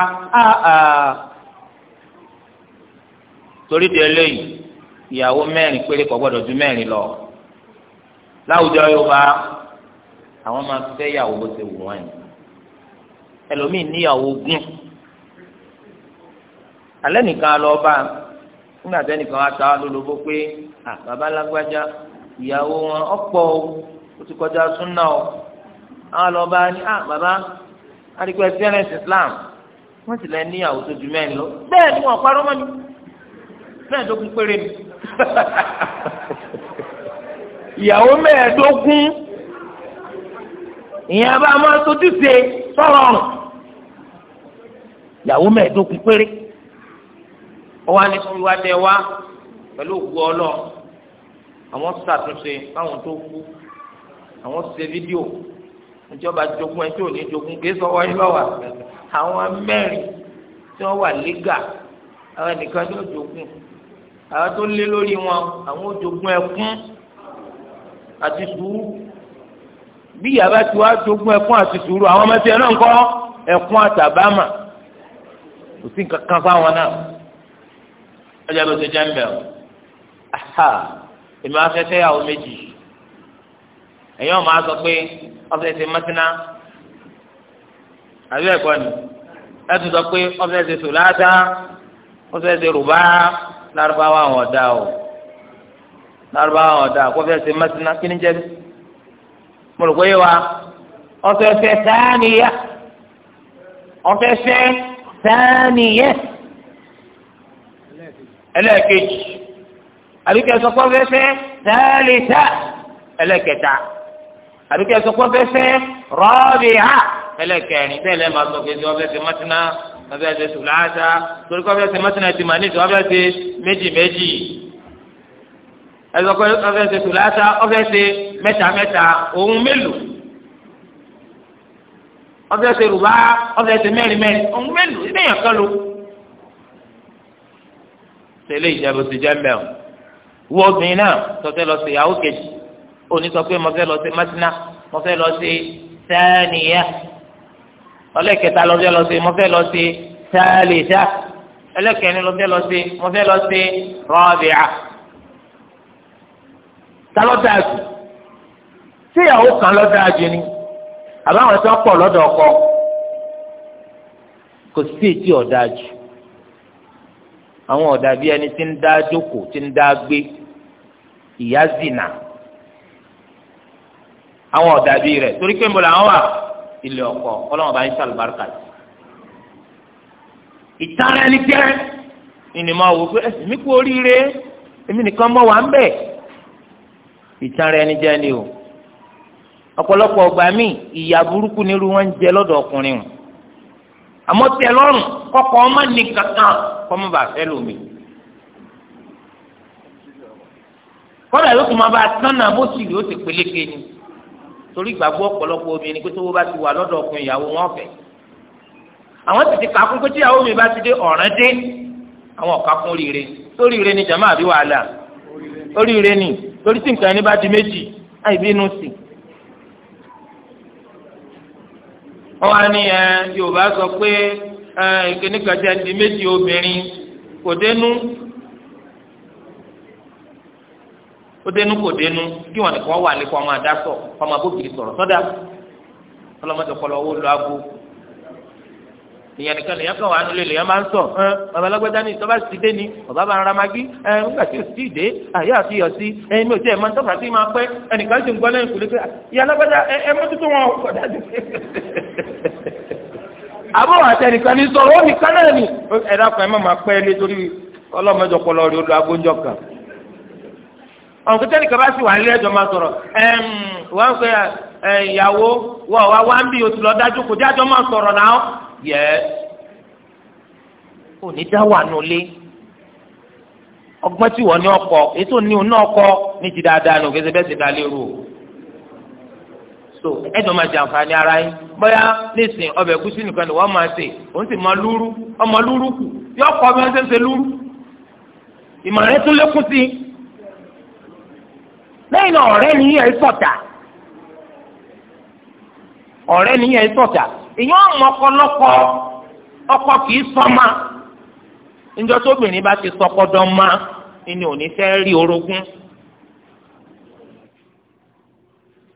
Ah, ah, ah. torí di eléyìí ìyàwó mẹ́rin péré kò gbọ́dọ̀ ju mẹ́rin lọ láwùjọ yorùbá àwọn máa fẹ́ yàwó bó ṣe wù wọ́n yìí ẹlòmíì níyàwó gún alẹ́ nìkan lọ bá nígbà tẹ́ nìkan wá ta lólobó pé à bàbá lágbájá ìyàwó wọn ọ̀pọ̀ o ó ti kọjá súnà o àwọn lọ bá ní à bàbá adigun ẹ fẹ́ràn Islam wọ́n sì lẹ ní àwùjọ ju mẹ́rin lọ bẹ́ẹ̀ ni wọ́n parọ́ mọ́ mi mẹ́ẹ̀ẹ́dógún péré mi ìyàwó mẹ́ẹ̀ẹ́dógún ìyẹn bá máa sojú ṣe sọ̀rọ̀ ọ̀rùn ìyàwó mẹ́ẹ̀ẹ́dógún péré ọwọ́ anìkúrú wa tẹ wá pẹ̀lú òkú ọlọ́ àwọn ṣàtúnṣe fáwọn tó kú àwọn ṣe fídíò ìjọba jogún ẹ tí ò ní jogún kì í sọ wọ́n yín lọ́wọ́ àtẹ̀lẹ́ àwọn mẹ́rin tí wọ́n wà lẹ́gà àwọn nìkan tó jogún àwọn tó lé lórí wọn àwọn jogún ẹkún àti sùúrù bí yàrá tí wàá jogún ẹkún àti sùúrù àwọn ọmọ tí ẹ náà ń kọ́ ẹkún àtàbámà kò sí nǹkan kan fáwọn náà ọjà ló ti jẹ́ ń bẹ̀ ọ́ aha èmi wá fẹ́ fẹ́ yàwó méjì ẹ̀yin ọ̀ máa sọ pé ọ̀fẹ́ ti mọ́tínà àbí ẹ̀kọ́ ni ẹ tún sọ pé ọfẹ́ ṣe sùn láàdá ọfẹ́ ṣe rùbá lárúbáwá àwọn ọ̀dà o lárúbáwá àwọn ọ̀dà kó fẹ́ ṣe mẹ́sìnà kí ni jẹ́ bí mo rò pé yé wa ọfẹ́ ṣe sáàníyà ọfẹ́ ṣe sáàníyà ẹlẹ́ẹ̀kejì àbíkẹ́ sọ pé ọfẹ́ ṣe sáàlìṣà ẹlẹ́ẹ̀kẹta àbíkẹ́ sọ pé ọfẹ́ ṣe rọ́ọ̀bì hà ẹlẹ́kẹrin bẹ́ẹ̀ lẹ́ẹ̀ máa sọ pé ọbẹ̀ ti mọ́tínà ọbẹ̀ ti sùláṣà torí kọ́ ọbẹ̀ ti mọ́tínà ti màní tó ọbẹ̀ ti méjì méjì ẹ̀sọ́ pé ọbẹ̀ ti sùláṣà ọbẹ̀ ti mẹ́ta mẹ́ta òun mélòó ọbẹ̀ ti rùbá ọbẹ̀ ti mẹ́rin mẹ́rin mélòó ilé yẹn kọ́ ló. tẹ́lẹ̀ ìjẹ́bù ti jẹ́ mẹ́rin wọ́n obìnrin náà tọ́tẹ́ lọ sí ìyàwó kejì òní sọ lọ sí mọ́tínà mo lọ sí sẹ́ẹ̀nìyà ọlẹ́kẹta lọ fẹ́ lọ sí mo fẹ́ lọ sí tálísà ẹlẹ́kẹrin lọ fẹ́ lọ sí mo fẹ́ lọ sí rọ́bìà ta ló dáa jù síyàwó kan ló dáa jù ni àbáwọn tó pọ̀ lọ́dọ̀ ọkọ kò sí ètí ọ̀dà jù àwọn ọ̀dà bíi ẹni tí ń dá jókòó tí ń dá gbé ìyá zina àwọn ọ̀dà bíi rẹ̀ torí pé ń bọ̀ làwọn wà ilé ọkọ ọlọ́wọ́n bá yín sàlùbáríkà sí. ìtara ẹni jẹ́ ìnìmọ̀ wò pé ẹ̀sìn mi kú oríire èmi nìkan mọ̀ wá ń bẹ̀. ìtara ẹni jẹ́ ni o ọ̀pọ̀lọpọ̀ ọgbà mi ìyà burúkú ni irú wọn ń jẹ lọ́dọ̀ ọkùnrin o àmọ́ tẹ́ lọ́rùn kọ́kọ́ ọmọ ní kankan kọ́mọ bá fẹ́ lómi. kọ́dà yóò tún máa bá a tán náà bó sì rí ó ti peléke ni torí ìgbàgbọ́ ọ̀pọ̀lọpọ̀ obìnrin pé tówó bá ti wà lọ́dọ̀ ọkùnrin ìyàwó wọn fẹ́ àwọn ti ti kàkún pé tíyàwó mi bá ti dé ọ̀ràn dé àwọn ọ̀kàkún oríire oríire ni jàmáà bí wàhálà oríire ni torí tí nǹkan ẹni bá di méjì àìbínú sí wọn wá ní yorùbá sọ pé ìkíní kan ti ẹni méjì obìnrin kò dénú ó dénú kò dénú kí wọn nìkan wà ọmọ adásọ ọmọ abókiri sọ̀rọ̀ sọdá ọlọmọdé kọlọ owó lọ ago ìyẹn lèyàn kan wà nílé lèyàn máa ń sọ ẹ ni bàbá bá ń ra magi ẹ nígbà tí sì dé àyè àti sí ẹ tí ẹ máa ń tọ́ka sí máa pẹ́ ẹnìkan sì ń gbọ́ lẹ́yìn pé ìyá ẹ wọn dájú àbúrò ní sọ̀rọ̀ ó nìkan ni ẹ̀dá kan ẹ má máa pẹ́ ọ̀nkú tẹ́lẹ̀ kí bá sì wà nílé ẹjọ́ máa sọ̀rọ̀ wọ́n pe ìyàwó wọ́n wá wá ń bí oṣù lọ dájú kò jájọ́ máa sọ̀rọ̀ náà yẹ kò ní dá wà nulẹ̀ ọgbọ́n tí wọ́n ní ọkọ̀ so ẹjọ́ máa jàǹfààní ara yín bóyá nísìnyí ọbẹ̀ ẹ̀gúsí nìkan ni wọ́n máa sè òun sì máa lúrú ọmọ lúrú lẹ́yìn náà ọ̀rẹ́ ni yẹn sọ̀tà ọ̀rẹ́ ni yẹn sọ̀tà èèyàn mọ ọkọlọ́kọ ọkọ kì í sọ́mà níjọ́ tóbìnrin bá ti sọkọdọ́ ma ni ò ní fẹ́ rí orogún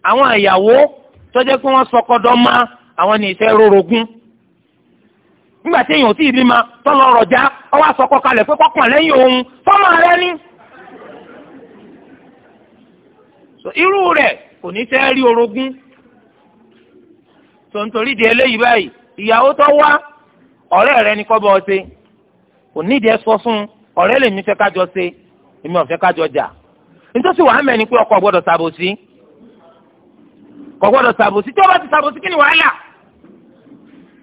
àwọn àyàwó tọ́jẹ́ pé wọ́n sọkọdọ́ ma àwọn ní ìfẹ́ rorogún nígbà tí èèyàn ò tí ì bí ma tọ́lọ́ ọwọ́ àsọkọ kalẹ̀ pé kọ́kàn lẹ́yìn òun fọ́mọ rẹ ni. so irú rẹ̀ kò ní fẹ́ rí orogún so nítorí di eléyìí báyìí ìyàwó tó wá ọ̀rẹ́ rẹ ní kọ́ bọ́ ọ ṣe kò nídìí ẹ sọ fún ọ̀rẹ́ lèmi fẹ́ kájọ ṣe èmi ò fẹ́ kájọ jà nítòsí wàá mẹ́ni pé ọkọ gbọ́dọ̀ ṣàbòsí kò gbọ́dọ̀ ṣàbòsí tí ó bá ti ṣàbòsí kí ni wàhálà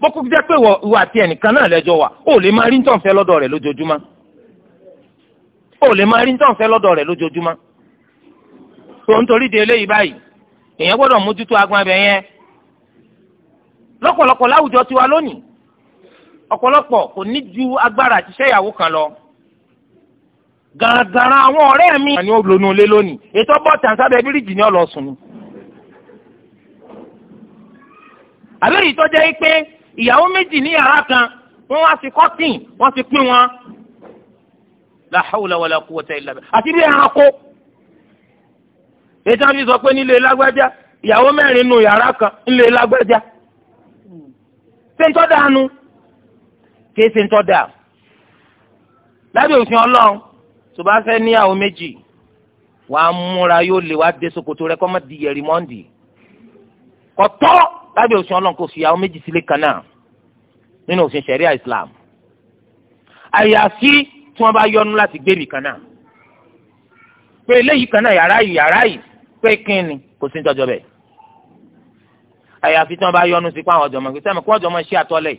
bókú jẹ́ pé ìwọ àti ẹnìkan náà lẹ́jọ́ wà ó lè máa rí nítorí fẹ́ lọ́dọ̀ rẹ̀ lójoojúmọ́ fẹ́ lọ́dọ̀ rẹ̀ lójoojúmọ́ tó ń torí de eléyìí báyìí èèyàn gbọ́dọ̀ mójútó agbọn abẹ yẹn lọ́pọ̀lọpọ̀ láwùjọ tiwa lónìí ọ̀pọ̀lọpọ̀ kò ní ju agbára àtiṣẹ́ ìyàwó kan lọ gàràgàrà àwọn ọ̀rẹ́ mi. àní ó lónú ilé lónìí ètò ọgbọ́n tàǹsábẹ́ bíríìjì ni ọlọ́sùn ni. àbẹ́rẹ́ ìtọ́jẹ́ pé ìyàwó méjì ní yàrá kan wọ́n wá sí kọ́tìn wọ́n ti pín wọn. la hawla wala quwwata illa billah àti bí ẹranko ètò àfi sọ pé nílé lágbájá ìyàwó mẹ́rin nù yàrá kan nílé lágbájá ṣé ń tọ́da nu kì í ṣe ń tọ́da lábẹ́ òfin ọlọ́run tó bá fẹ́ níyàwó méjì wàá múra yóò lè wá dé ṣòkòtò rẹ kọ́ mọ́ di yẹ̀rì mọ́ndì kọ́tọ́ lábẹ́ òfin ọlọ́run kò fi méjì sílé kan náà nínú òfin ṣẹ̀ríà Islam àyàfi tí wọ́n bá yọnu láti gbé mi kan náà pé eléyìí kan náà yàrá yìí yàrá yìí pé kínni kò sí tọjọ bẹ́ẹ̀ àyàfi tí wọ́n bá yọnu sí pé àwọn ọjọ́ máa gbé sẹ́mi kó ọjọ́ máa ṣí àtọ́lẹ̀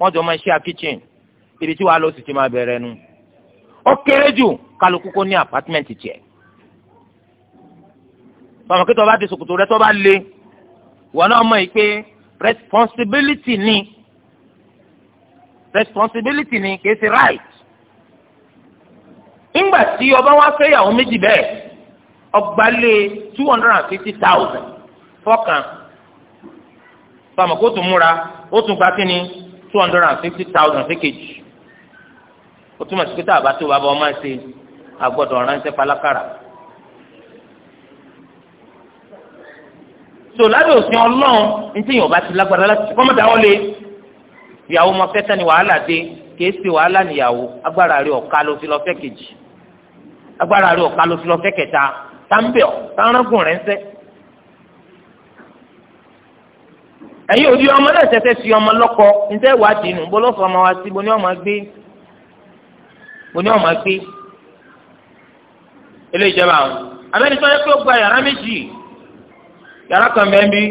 wọ́n jọ máa ṣí à kitchen ibi tí wàá lọ sì ti máa bẹ̀rẹ̀ nu ó kéré jù kálukú kó ní apartment tiẹ̀ bàmọ̀ kí tó bá di sòkòtò rẹ tó bá le wọn náà mọ̀ yìí pé responsibility ni responsibility ni kì í ṣe right ńgbà tí ọba wa fẹ́ yàwó méjì bẹ́ẹ̀ ọgbàlẹ̀ two hundred and fifty thousand fọ́kàn fàmọ̀kó tún múra ó tún gba kínní two hundred and fifty thousand fẹ́kẹ̀jì ó túmọ̀ sí pé tá a bá ọmọ ẹ̀ ṣe àgbọ̀dọ̀ ránṣẹ́ palákàrà. so lábẹ́ òsín ọlọ́run ní tí yóò bá ti lágbára láti kọ́ mọ́tà wọlé ìyàwó ọmọ fẹ́tẹ́ ni wàhálà dé kìí ṣe wàhálà níyàwó agbára rẹ̀ ọ̀ka ló fi lọ fẹ́ kejì agbára rẹ̀ ọ̀ka ló fi lọ fẹ́ kẹta tàǹbẹ̀ọ̀ tàǹrọ̀gùn rẹ̀ ń sẹ́. ẹ̀yin òdi ọmọ náà ṣẹ̀ṣẹ̀ fi ọmọ lọ́kọ níta ìwà dìínú bó lọ́sọ̀ ọmọ wa sí bo ní ọmọ gbé bo ní ọmọ gbé ilé ìjọba àwọn abẹ́ni tó yẹ kó gba yàrá méjì yàrá kan bẹ́ẹ̀ bí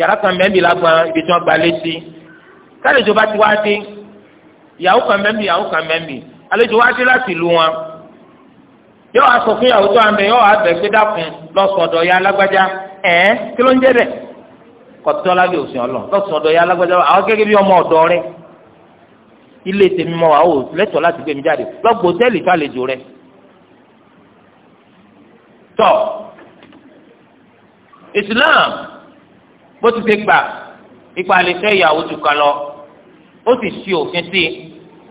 yàrá kan bẹ́ẹ̀ bí lágbọn ibi tí wọ́n gba létí kálíjọba ti wá dé ìyàwó kan bẹ́ẹ̀ bí kan bẹ́ẹ̀ àlejò wá dé láti ìlú wọn yóò wá sọ fún ìyàwó tó àmì yóò wá bẹ̀ gbé dàkún lọ́sọ̀dọ̀ ya alágbájá ẹ̀ kí ló ń jẹ́ bẹ̀ kọ̀tọ́ lábẹ́ òsìn ọlọ́ lọ́sọ̀dọ̀ ya alágbájá àwọn gẹ́gẹ́ bí ọmọ ọ̀dọ́ rẹ ilé tèmi mọ àwọn òlẹ́tọ̀ láti gbé jáde lọ́gbọ̀ hòtẹ́ẹ̀lì fàlejò rẹ. tọ́ Islam bó ti ṣe gbà ipa lè fẹ́ ìyàwó tù kan lọ ó sì ṣe òfin sí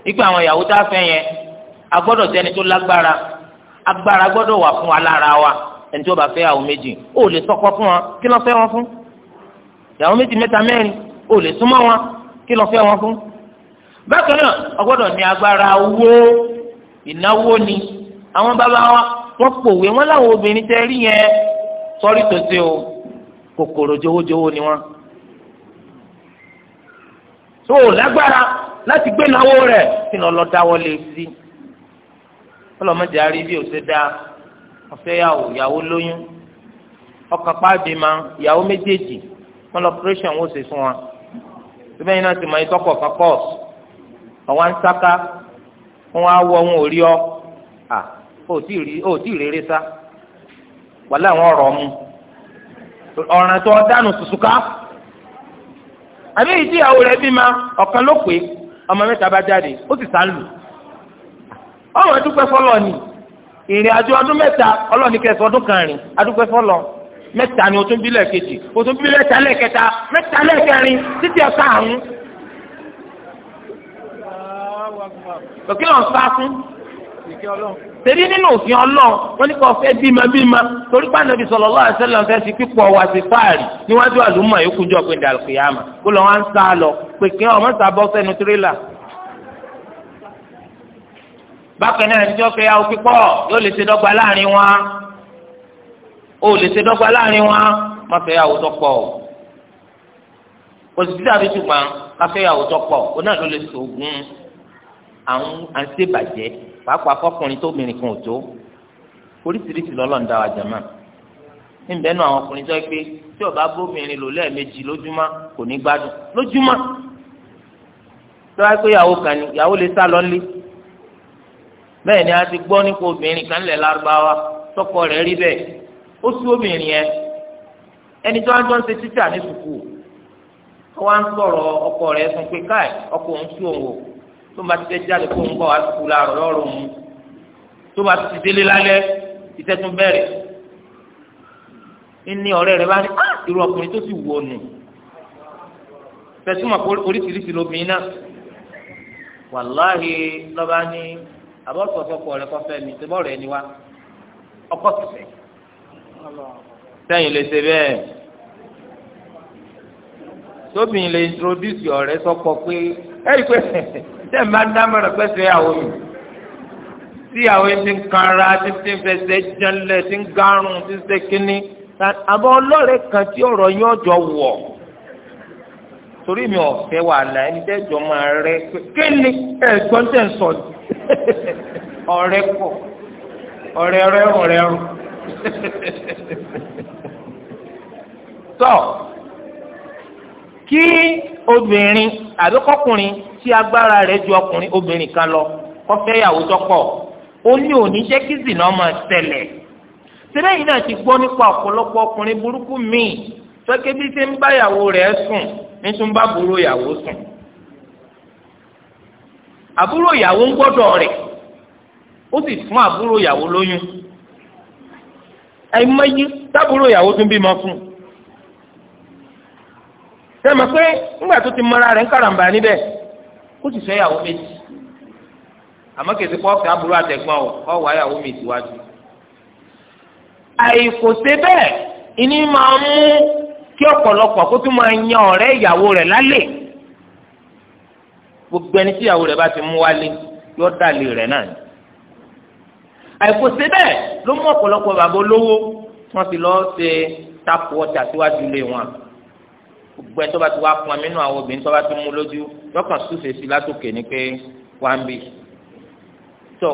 ipa àwọn ìyàwó tá a fẹ́ yẹn a gbọ́dọ̀ tó lágbára agbára gbọ́dọ̀ wà fún wa lára wa ẹni tí ó bá fẹ́ àwọn méjì ó lè sọkọ fún wọn kí ló fẹ́ wọn fún ìyàwó méjì mẹ́ta mẹ́rin ó lè súnmọ́ wọn kí ló fẹ́ wọn fún. bákan náà ọgbọ́dọ̀ ní agbára owó ìnáwó ni àwọn bàbá wa wọ́n pòwe wọ́n láwọn obìnrin tẹ́ rí yẹn sọ́rí tó ṣe o kòkòrò jowójowó ni wọ́n. tó o lágbára láti gbé náwó rẹ̀ sínú ọlọ́dáwọlé sí. Si ọlọ́mọdé arí bí òṣè dáa ọ̀fẹ́ yàwó yàwó lóyún ọkàn pàbí ma yàwó méjèèjì wọn lọ pírẹ́sàn wọ́n ṣe fún wa síbẹ̀ yìí náà ti mọ ìtọ́kọ̀ kan kọ́ọ̀sì ọ̀wá ń sáká wọn á wọ ohun òrí ọ à ó tí ì rere sá wàhálà àwọn ọ̀rọ̀ mu ọ̀ràn tó dànù sùsùká àbí ìdíyàwó rẹ̀ bí ma ló pé ọmọ mẹ́ta bá jáde ó sì sá lù ọmọ dúpẹ́ fọlọ́ ni ìrìn àjò ọdún mẹ́ta ọlọ́ọ̀ni kẹsàn ọdún kan rìn adúpẹ́ fọlọ́ mẹ́ta ni o tún bí lẹ́ẹ̀kejì o tún bí mẹ́ta lẹ́ẹ̀kẹta mẹ́ta lẹ́ẹ̀kẹrin títí ẹ̀ka àrùn. òkè lọ sá fún tẹ̀lé nínú òfin ọlọ́ọ̀ wọ́n ní kò fẹ́ bímọ bímọ torí pé Ànábì sallallahu alaihi wasallam fẹ́ fi pípọ̀ wá sí fáàrí níwájú àlùmọ̀ yòókù jọ pé dàlùkìyàmà kó lọ́ wá ń sá lọ pé kí ọmọ sábọ́ sẹ́nu tírélà bákan náà ẹni tí wọ́n fẹ́ yàwó pípọ̀ yóò lè ṣe dọ́gba láàrin wọn ó lè ṣe dọ́gba láàrin wọn má fẹ́ yàwó tó pọ̀ o kò sì dídàbí ṣùgbọ́n má fẹ́ yàwó tó pọ̀ o náà ló lè ṣògùn àwọn àǹṣèbàjẹ́ pàápàá fọkùnrin tó obìnrin kan ò tó oríṣiríṣi lọ́lọ́run dá wa jàmá níbẹ̀ nù àwọn ọkùnrin tó yẹ pé tí ó bá bóbìnrin lò lẹ́ẹ̀mejì lójúmọ́ kò ní gbádùn lójúmọ́ tó yẹ pé ìyàwó kan ni ìyàwó lè sá lọ́lé bẹ́ẹ̀ ni a ti gbọ́ nípa obìnrin kan lẹ̀ lárúbáwá tọkọ rẹ̀ rí bẹ́ẹ̀ ó sú obìnrin yẹn ẹni tó ń jọ ń ṣe títà ní sùkúù ó wá ń sọ̀rọ̀ ọkọ rẹ̀ fún pé káì ọkọ òun sú òun o tó bá ti fẹ́ jáde kó ń bọ̀ wá sùkúù láàrọ̀ lọ́rùn òun tó bá ti délé lálẹ́ iṣẹ́ tún bẹ̀rẹ̀ ní ọ̀rẹ́ rẹ̀ bá ní ah, irú ọkùnrin tó sì wù ọ́ nù oríṣiríṣi lóbìnrin náà wàláhì lọ́ba àbọ̀ sọ̀sọ̀kọ̀ rẹ kọ́fẹ́ mi ṣe bọ́ọ̀rọ̀ ẹni wá ọkọ̀ sọ̀sẹ̀. sẹ́yìn lè ṣe bẹ́ẹ̀ tóbìn lè introduce ọ̀rẹ́ sọ́kọ pé ẹ̀rí pé ṣe máa ń dámọ̀ràn pé ṣe àwọn mi tí àwọn ti ń kanra tí ti ń fẹsẹ̀ jẹ́lẹ̀ tí ń garun tí ń ṣe kínní àbọ̀ ọlọ́rẹ̀ kan tí ọ̀rọ̀ yín ọ̀jọ̀ wọ̀ torí mi ọ̀fẹ́ wàhálà ẹni tẹ́ jọ máa rẹ kí ni ẹ̀gbọ́n tẹ̀ sọ ni ọ̀rẹ́ pọ̀ ọ̀rẹ́ rẹ ọ̀rẹ́ rú tọ́ kí obìnrin àbíkọ́kùnrin tí agbára rẹ̀ ju ọkùnrin obìnrin kan lọ kọ́fẹ́yàwó tọ́pọ̀ ó ní òní jẹ́ kí zìnnà máa tẹ̀lẹ̀ sílẹ̀ yìí náà ti gbọ́ nípa ọ̀pọ̀lọpọ̀ ọkùnrin burúkú míì tọ́kẹ́ bí ṣe ń bá ìyàwó rẹ̀ sùn ní tún bá àbúrò ìyàwó sùn àbúrò ìyàwó gbọ́dọ̀ rẹ̀ ó sì fún àbúrò ìyàwó lóyún àìmọye tábúrò ìyàwó tún bímọ fún sẹ́mi pé ńgbà tó ti mọ́ra rẹ̀ ń kàràǹbà níbẹ̀ ó sì fẹ́ ìyàwó méjì àmọ́ kìí ṣe kọ́ àbúrò àtẹ̀gbọ́n ọ̀ ìyàwó bẹ́ẹ̀ kí ọ̀pọ̀lọpọ̀ kó tún máa yan ọ̀rẹ́ ìyàwó rẹ̀ lálẹ́ gbogbo ẹni tí ìyàwó rẹ̀ bá ti mú wálé yóò dàlè rẹ̀ náà ni àìkòsí bẹ́ẹ̀ ló mú ọ̀pọ̀lọpọ̀ bàbá olówó wọ́n ti lọ́ọ́ ṣe tapu ọjà síwájú ilé wọn gbogbo ẹ̀ tó bá ti wá pọn mínú àwọn obìnrin tó bá ti mú lójú lọ́kàn súfèé sí látòkè ni pé wá ń tó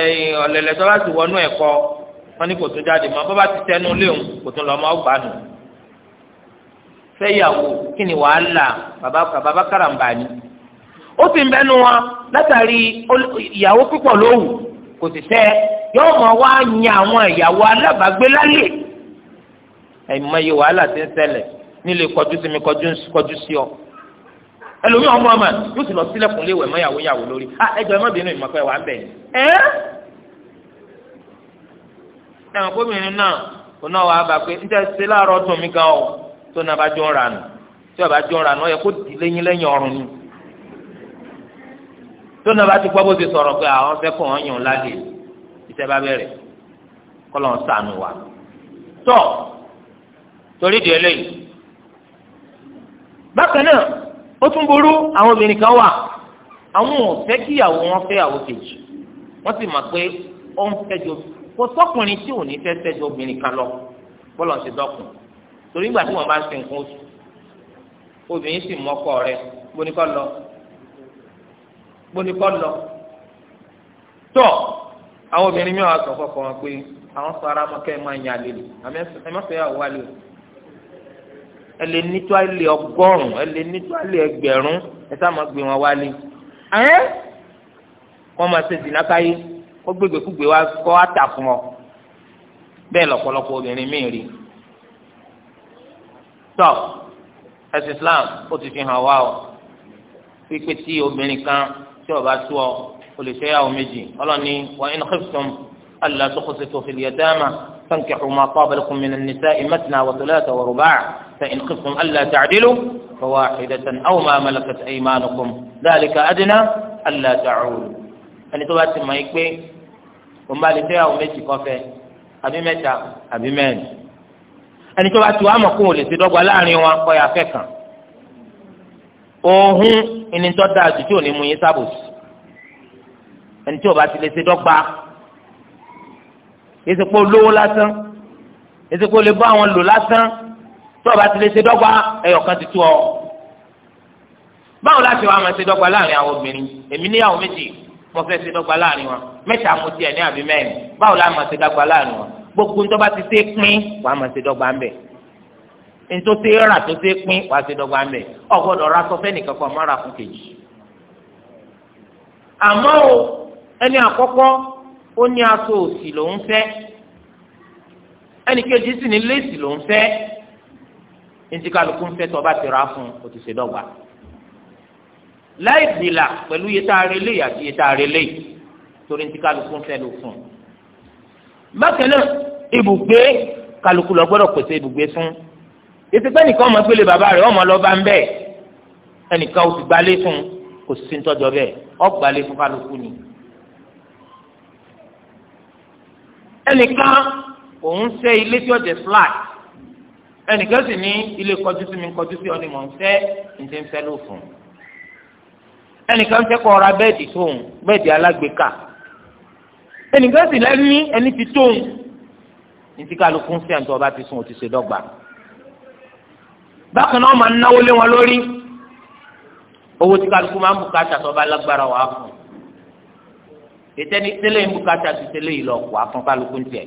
ẹ̀yìn tó bá ti wọnú ẹ̀kọ́ wọn ni kò tún jáde mọ́ fẹ́yàwó kí ni wàhálà bàbá bàbá karambà ni ó sì ń bẹnu wọn látàrí ìyàwó púpọ̀ lóhùn kò sì fẹ́ yóò mọ̀ wá yan àwọn ìyàwó alábàágbé lálẹ́ ẹ̀mọye wàhálà ti ń ṣẹlẹ̀ nílé kọjú sí mi kọjú sí ọ ẹlòmíì ọmọ ọmọ yóò sì lọ sílẹ̀kùn léwẹ̀ mọ́ ìyàwó ìyàwó lórí ah ẹjọ́ ẹ má bínú ìmọ̀pẹ́ wà ń bẹ̀ ẹ́ ẹ̀wọ̀n gómìnà náà òun tó náà bá jọ ń ranù tí ọba jọ ń ranù ọ yẹ kó di lẹ́yìn lẹ́yìn ọrùn ni tó náà bá ti gbọ́ bó ti sọ̀rọ̀ pé àwọn fẹ́ kọ́ wọn yàn lálẹ́ iṣẹ́ bá bẹ̀rẹ̀ kọ́lọ̀ ń sànù wa tọ́ torí di eléyìí bákan náà ó tún burú àwọn obìnrin kan wà àwọn ò fẹ́ kíyàwó wọn fẹ́ kejì wọ́n sì mọ̀ pé ó ń fẹ́ jọ kò sọ́kùnrin tí ò ní fẹ́ fẹ́ jọ obìnrin kan lọ bọ́lọ̀ ń ṣe dọ́kùnrin torí ìgbà tí wọn bá ń sin nǹkan oṣù obìnrin sì mọkọ rẹ gbóníkọ lọ gbóníkọ lọ tọ àwọn obìnrin mi wàá sọ fọkàn wọn pé àwọn sọ ara mọ kẹ ẹ máa yàn àlè lò àmì ẹ má fẹ́ yà wọ àlè o ẹ lè ní tó àlè ọgọ́rùn ẹ lè ní tó àlè ẹgbẹ̀rún ẹ sá máa gbé wọn wálé ẹ wọn máa ṣe dìnnà káyé gbégbé kúgbé wá kó àtà ọ bẹ́ẹ̀ lọ́pọ̀lọpọ̀ obìnrin mi rí i tọ ẹsìn islam ó ti fi hàn wá o pípé tí obìnrin kan tí ó bá tó ọ o lè fẹ́ yàwó méjì ọlọ́ni wa in khiftum alla tuqsitu fil yatama fankihu ma taba lakum minan nisa'i matna wa thalatha wa ruba' fa in khiftum alla ta'dilu fawahidatan aw ma malakat aymanukum dhalika adna alla ta'ulu ẹni tó bá ti mọ̀ ẹ́ pé òun bá lè fẹ́ méjì kọ́fẹ́ àbí mẹ́ta àbí mẹ́rin ẹni tó bá ti wá mọ̀ kó wọn lè ṣe dọ́gba láàrin wọn kọ́ ya fẹ́ kàn òhun ẹni tó dáa jù tí ò ní mú yín sábòsì ẹni tí ò bá ti lè ṣe dọ́gba èsì pé olówó lásán èsì pé o lè bá àwọn lò lásán tí ò bá ti lè ṣe dọ́gba ẹyọ kan ti tú ọ báwo láti wàá máa ṣe dọ́gba láàrin àwọn obìnrin èmi níyàwó méjì mo fẹ́ ṣe dọ́gba láàrin wọn mẹ́ta mo tiẹ̀ ní àbí mẹ́rin báwo láti máa ṣe dọ́gba láàrin wọn gbogbo ń tọ́ba ti ṣe pín wàá máa ṣe dọ́gba ń bẹ̀ ntó ṣe rà tó ṣe pín wàá ṣe dọ́gba ń bẹ̀ o gbọ́dọ̀ ra sọ fẹ́nìkan kan má ra fún kejì. àmọ́ o ẹni àkọ́kọ́ ó ní aṣọ òsì lòún fẹ́ ẹni kejì sì ní léèsì lòún fẹ́ ntí kálukú ń fẹ́ tọ́ba ti ra fún o ti ṣe dọ́gba láì bìlà pẹ̀lú yẹtà arẹlẹ́yà àti yẹtà arẹlẹ́yà torí ntí kálukú ń fẹ́ lò fún un bákan náà ibùgbé kálukú lọ gbọ́dọ̀ pèsè ibùgbé fún ìsìnkú ẹnìkan ọmọ gbélé bàbá rẹ̀ ọmọ lọ́ba ń bẹ̀ ẹnìkan ó ti gbalé fún kò sí ntọ́jọ́ bẹ́ẹ̀ ọ gbalé fún kálukú ni. ẹnìkan òun ṣe ilé tí ó jẹ flat ẹnìkan sì ní ilé kọjú sí mi kọjú sí ọ ni mò ń fẹ́ ǹjẹ́ ń fẹ́ ló fún un ẹnìkan fẹ́ kọ́ ra bẹ́ẹ̀dì fóun bẹ́ẹ̀dì alágbèéká ẹnìkan sì lẹ́ni ẹni ti tó ń ní ti kálukú ń sẹ́yìn tó ọba ti sùn ó ti ṣe dọ́gba bákan náà máa ń náwó lé wọn lórí owó tí kálukú máa ń bùkátà tó ọba lágbára wà fún ìtẹ́ni tẹ́lẹ̀ ń bùkátà ti tẹ́lẹ̀ yìí lọ wà fún kálukú ń tẹ̀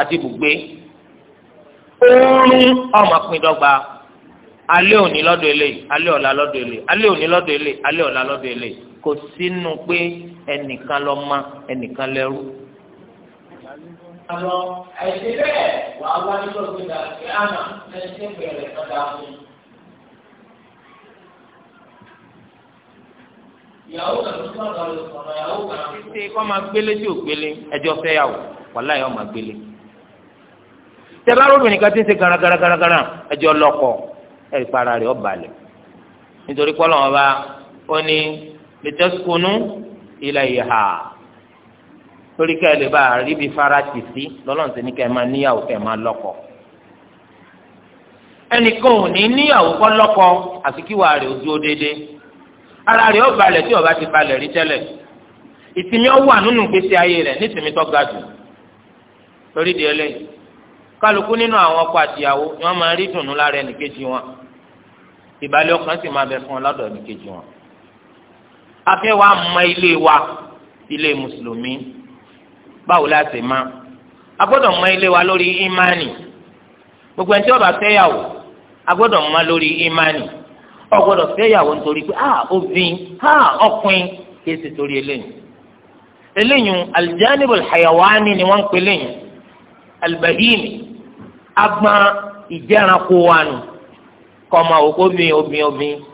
àti ibùgbé oorun ọmọ dọ́gba alẹ́ òní lọ́dọ̀ eléyìí alẹ́ ọ̀la lọ́dọ̀ eléyìí alẹ́ òní lọ́dọ̀ eléyìí alẹ́ ọ̀la kò sínú pé ẹnìkan lọ ma ẹnìkan lẹ́rú. àlọ́ àìsí bẹ́ẹ̀ wàá wá nílò gbéra kí àná lẹ́yìn tí bẹ̀rẹ̀ padà fún un. ìyàwó kan tó sọ̀rọ̀ ìyàwó kan. títí kọ́ máa gbélé tí ò ẹjọ́ fẹ́ yà wò wàhálà yà ọ́ máa gbélé. tẹ́lá lóbìnrin kan ti ń ṣe garagaragaragara ẹjọ́ lọ́kọ̀ ẹ̀ rẹ̀ ọ̀ balẹ̀ nítorí bá ó ní. litaskunu ilayha torí ká ẹ lè bá a rí bí fara ti sí lọ́lọ́run ti ní ká ẹ máa níyàwó ká ẹ máa lọ́kọ. ẹnìkan ò ní níyàwó kọ́ lọ́kọ àfi kí wàá rẹ̀ ó dúró déédéé ara rẹ̀ ó balẹ̀ tí ọba ti balẹ̀ rí tẹ́lẹ̀ ìsinmi ó wà nínú ìgbésí ayé rẹ̀ nísìmí tó ga jù torí di ẹlẹ́yìn kálukú nínú àwọn ọkọ àtìyàwó ni wọ́n máa rí dùnú lára ẹnìkejì wọn ìbàlẹ̀ ọkàn sì máa bẹ fún ọ afẹ́ wa mọ ilé wa ilé mùsùlùmí báwo la ṣe ma a gbọ́dọ̀ mọ ilé wa lórí ìmánì gbogbo ẹni tí ó bá fẹ́yàwó a gbọ́dọ̀ mọ lórí ìmánì ó gbọ́dọ̀ fẹ́yàwó nítorí pé ah obìnrin ah ọkùnrin kìí ṣe torí eléyìí eléyìí alìjánibul hayawani ni wọ́n ń pè léyìí albahimi agbọn ìjẹranko wa nù kọ́mọ òkú obìnrin obìnrin obìnrin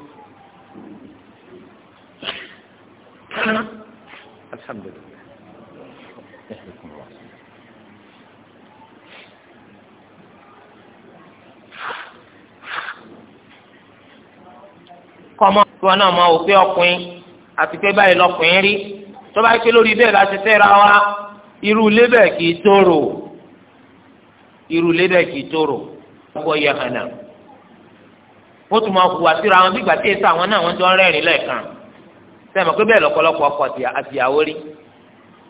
alhamdulilayi kọ́mọ́ wọn náà máa wò pé ọkùnrin àti pé báyìí lọkùnrin rí tó bá ké lórí bẹ́ẹ̀ láti fẹ́ra wa irú ilé bẹ́ẹ̀ kì í tóró irú ilé bẹ́ẹ̀ kì í tóró ọgbọ́ yẹ hànà wọ́n tún máa hùwà síra wọn bí gbàtí èso náà wọ́n jọ rẹ́rìn lẹ́ẹ̀kan sẹ́mi pé bẹ́ẹ̀ lọ́pọ̀lọpọ̀ ọkọ àtìyàwó rí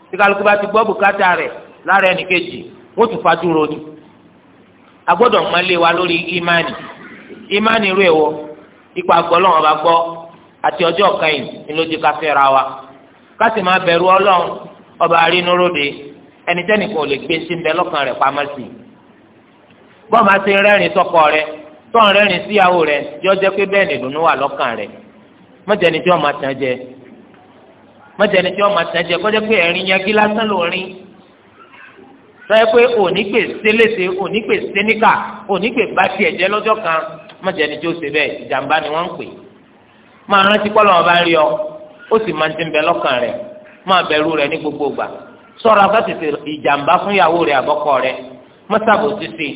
tí kálukú bá ti gbọ́ bùkátà rẹ̀ lára ẹnì kejì ó tún fàdúró ni a gbọ́dọ̀ mọ́lé wa lórí ìmánì ìmánì rú ẹ̀wọ̀ ipa gbọ́lọ́wọ́n bá gbọ́ àti ọjọ́ kẹyìn ni ló di ká fẹ́ra wa ká sì máa bẹ̀rù ọlọ́run ọba àrínúróde ẹnitẹ́ni kò lè gbé sí bẹ́ẹ̀ lọ́kàn rẹ̀ pamọ́ sí i bọ́ọ̀ máa ti rẹ́rìn sọ́kọ rẹ̀ tọ́ọ̀ rẹ́rìn síyàwó rẹ̀ yọ pé bẹ́ẹ̀ nìdùnnú mọ̀jẹ̀ni tí wọ́n máa tàn jẹ mọ̀jẹ̀ni tí wọ́n máa tàn jẹ kọ́jẹ́ pé ẹ̀rín yagi lásán ló rin sọ́yẹ́ pé òní pè sélèsè òní pè séníkà òní pè bá tiẹ̀ jẹ́ lọ́jọ́ kan mọ̀jẹ̀ni tí ó ṣe bẹ́ẹ̀ ìjàmbá ni wọ́n ń pè máa rántí pọ́lọ́ wọn bá rí ọ ó sì máa ti ń bẹ lọ́kàn rẹ̀ máa bẹ̀rù rẹ̀ ní gbogbo ìgbà sọ̀rọ̀ afẹ́tẹ̀tẹ̀ ìjàmbá fún ìyàwó rẹ̀ àbọ́kọ rẹ̀ mọ́sàbò títì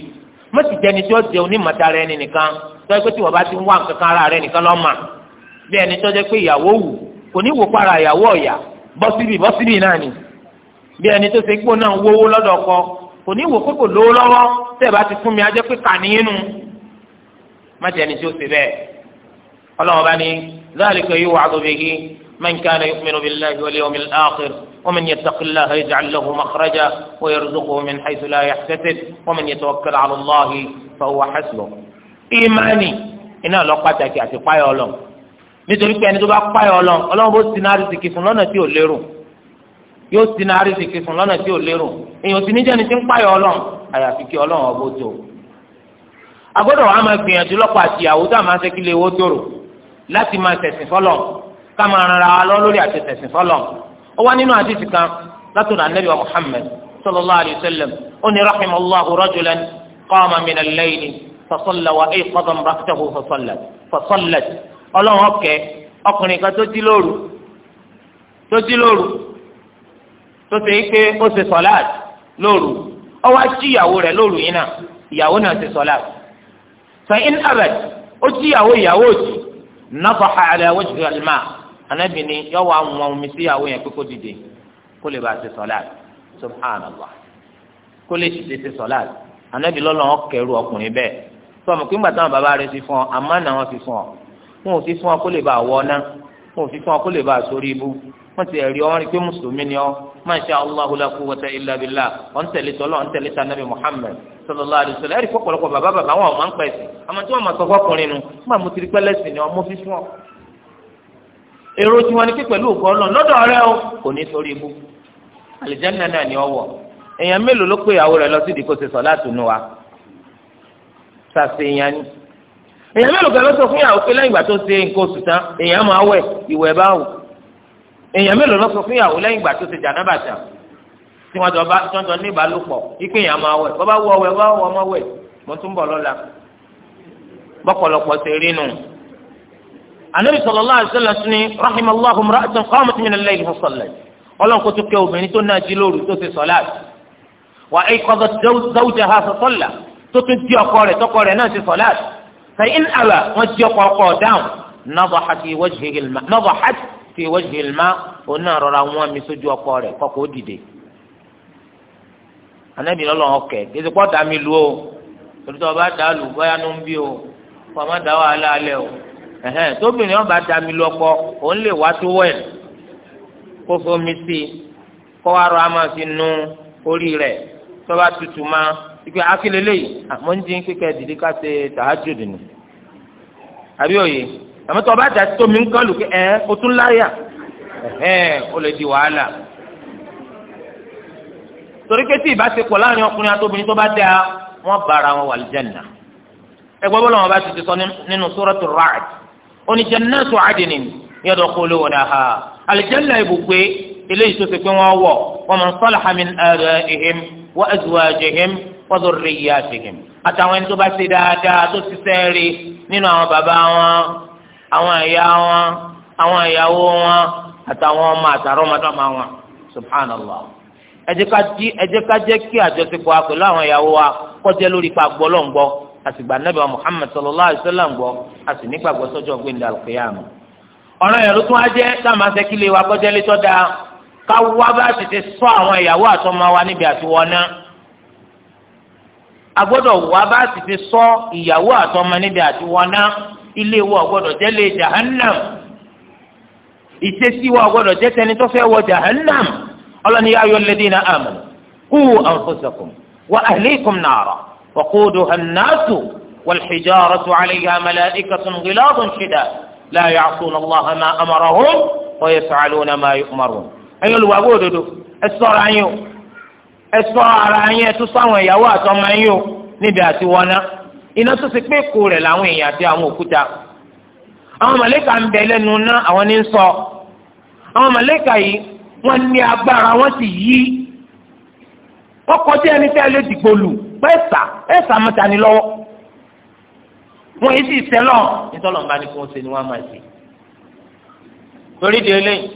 mọ́sìjẹni tí ó jẹ onímọ̀tara ẹni nìkan sọ́yẹ́ pé tí wọ́n bá ti ń wá nǹkan kan ara rẹ̀ nìkan lọ́ọ́ bí ẹni tó jẹ́ pé ìyàwó wù kò ní wò para ìyàwó ọ̀yà bọ́síbì bọ́síbì náà ni bí ẹni tó ṣe gbóná wówó lọ́dọ̀ ọkọ kò ní wò pé kò lówó lọ́wọ́ tẹ́ ẹ bá ti fún mi ajẹ́ pé kàníyínú má ti ẹni tí ó ṣe bẹ́ẹ̀ ọlọ́run bá ní dhalika yu'adhu bihi man kana yu'minu billahi wal yawmil akhir ومن يتق الله يجعل له مخرجا ويرزقه من حيث لا يحتسب ومن يتوكل على الله فهو حسبه إيماني إن الله قتك أتقاي الله nítorí pé ẹni tó bá páyọ ọlọ Ọlọ́run bó sin arísìkì fún lọ́nà tí ò lérò yóò sin arísìkì fún lọ́nà tí ò lérò èèyàn ti níjẹni tí ń páyọ ọlọ àyàfi kí Ọlọ́run ọbọ tó agbọ́dọ̀ wa máa gbìyànjú lọ́pọ̀ àti ìyàwó tá a máa ṣẹkí lè wó tòrò láti máa tẹsìn fọlọ ká máa rara wa lọ lórí àti tẹsìn fọlọ ó wá nínú àdìsí kan látọ̀dọ̀ فصلى wa Muhammad sallallahu alayhi ọlọ́run ọ̀kẹ́ ọkùnrin kan tó jí lóru tó jí lóru tó ṣe pé ó ṣe sọ̀láàt lóru ó wá jí ìyàwó rẹ̀ lóru yìí náà ìyàwó náà ṣe sọ̀láàt fa in abad ó jí ìyàwó ìyàwó òjì nafaha ala wajhi alma anabi ni yọ wá wọn omi sí ìyàwó yẹn pé kó dìde kó lè bá ṣe sọ̀láàt subhanallah kó lè ṣiṣẹ́ ṣe sọ̀láàt anabi lọ́lọ́ ọ̀kẹ́rù ọkùnrin bẹ́ẹ̀ sọ ma pé ńgbà táwọn bàbá rẹ̀ ti fún ọ àmánà wọn ti fún ọ wọn ò sì fún ọ kó lè bá wọ ọ́nà wọn ò sì fún ọ kó lè bá sórí ibú wọn ti ẹ̀rí ọ̀rìn pé mùsùlùmí ni ọ́ masha allahu la quwwata illa billah ọ̀n tẹ̀lé tọ́lọ́ ọ̀n tẹ̀lé sanabi muhammed sallallahu alayhi wa sallam ẹ̀rí pọ̀pọ̀lọpọ̀ bàbá bàbá wọn máa ń pẹ̀ sí àmọ́ tí wọ́n máa sọ fọkùnrin nu nígbà mo ti rí pẹ́lẹ́sì ni ọ mo fi fún ọ. èrò tí wọn ni pé pẹ̀lú òkú ọlọ́run lọ́dọ̀ rẹ o kò ní sórí ibú àlìjáná náà ni ọ wọ̀ èèyàn mélòó ló pé ìyàwó rẹ lọ sídìí kó ṣe sọ láti nu wa ṣàṣeyàn ni èèyàn mélòó kan ló sọ fún yàwó pé lẹ́yìn ìgbà tó ṣe nǹkan oṣù tán èèyàn máa wẹ̀ ìwẹ̀ báwò èèyàn mélòó ló sọ fún yàwó lẹ́yìn ìgbà tó ṣe jànábà tán tí wọ́n jọ bá tí wọ́n jọ ní ìbálòpọ̀ ipe èèyàn máa wẹ̀ bọ́ bá wọ ọwẹ́ bá wọ ọmọ wẹ̀ mo tún bọ̀ lọ́la bọ́pọ̀lọpọ̀ ṣe rí nu. anabi sallallahu alaihi wasallam tó tún di ọkọ rẹ̀ tọkọ rẹ̀ náà ṣe sọ̀láàt fẹ̀yìn àbà wọ́n ti ọkọ̀ ọkọ̀ dáhùn nadahat fi wajhihi al-ma nadahat fi wajhihi al-ma òun náà rọra wọ́n mi sójú ọkọ rẹ̀ kọ́kọ́ ó dìde. anabi lọ́lọ́ ọkẹ́ kìí sọ́kọ́ dà mí lu o torí tó o bá dà lù bóyá ló ń bí o kó o má dà wàhálà alẹ́ o ẹ̀hẹ́n tóbìnrin ọba dà mí lu ọkọ òun lè wá tó wẹ̀ kó fomi sí kó wàá rọ àmọ́ sí nu orí rẹ̀ tó bá tutù máa ìpè akílélẹ́ ah, yìí àmọ́ ah, ń dín kíkẹ́ dìde ká ṣe tahajjud ni àbí òye àmọ́ tó o bá dà tó mi ń kán lù kí ẹ o tún láyà ẹ o lè di wàhálà torí pé tí ìbáṣepọ̀ láàrin ọkùnrin àtòbìnrin tó bá dá wọn bára wọn wà lìjẹ́nà ẹgbẹ́ bọ́lá wọn bá ti ti sọ nínú suratul Ra'd oní jannatu adnin yadkhulunaha àlìjẹ́nà ibùgbé eléyìí tó ti pé wọ́n wọ̀ wa man salaha وذرياتهم àtàwọn ẹni tó bá ṣe dáadáa tó ti sẹ́ẹ̀rì nínú àwọn bàbá wọn àwọn ìyá wọn àwọn ìyàwó wọn àtàwọn ọmọ àtàrọ ọmọdọ́mọ wọn subhanallah ẹ jẹ́ ká jẹ́ kí àjọṣepọ̀ pẹ̀lú àwọn ìyàwó wa kó jẹ́ lórí ipa gbọ́lọ́ngbọ́ àtìgbà nàbẹ̀ wa muhammed sallallahu alayhi wa sallam gbọ́ àti nígbàgbọ́ sọ́jọ́ gbẹ̀ndà alqiyam ọ̀rọ̀ yẹn ló tún á jẹ́ táwọn asẹ́kílẹ̀ wa kó jẹ́ létọ́ dáa ká wá bá ti ti sọ àwọn ìyàwó àtọmọ wa níbi àtiwọ́ náà agbọ́dọ̀ wà bá sì ti sọ ìyàwó àtọmọ níbi àti wọná ilé wa ọgbọ́dọ̀ jẹ́ lé jahannam ìṣesí wa ọgbọ́dọ̀ jẹ́ tẹni tó fẹ́ wọ jahannam ọlọ́ni yá ayọ̀ alladhina amanu qu anfusakum wa ahlikum nara wa quduha an-nasu wal hijaratu 'alayha malaa'ikatun ghilaadun shidaad la ya'suuna allaha ma amarahum wa yaf'aluuna ma yu'maruun ẹ ṣọ́ ara yín ẹ tún ṣọ́ àwọn ìyàwó àtọmọ yín o níbi àti wọná iná tó ti pé kó rẹ̀ làwọn èèyàn àti àwọn òkúta àwọn màlẹ́kà ń bẹ lẹ́nu ná àwọn ní ń sọ àwọn màlẹ́kà yìí wọ́n ní agbára wọ́n sì yí wọ́n kọjá ẹni tẹ́ lé dìgbò lù pé ẹ̀sà ẹ̀sà ni lọ́wọ́ wọ́n yìí sì sẹ́lọ̀ nítorí ọ̀nba ni kò ń ni wọ́n máa ṣe torí di eléyìí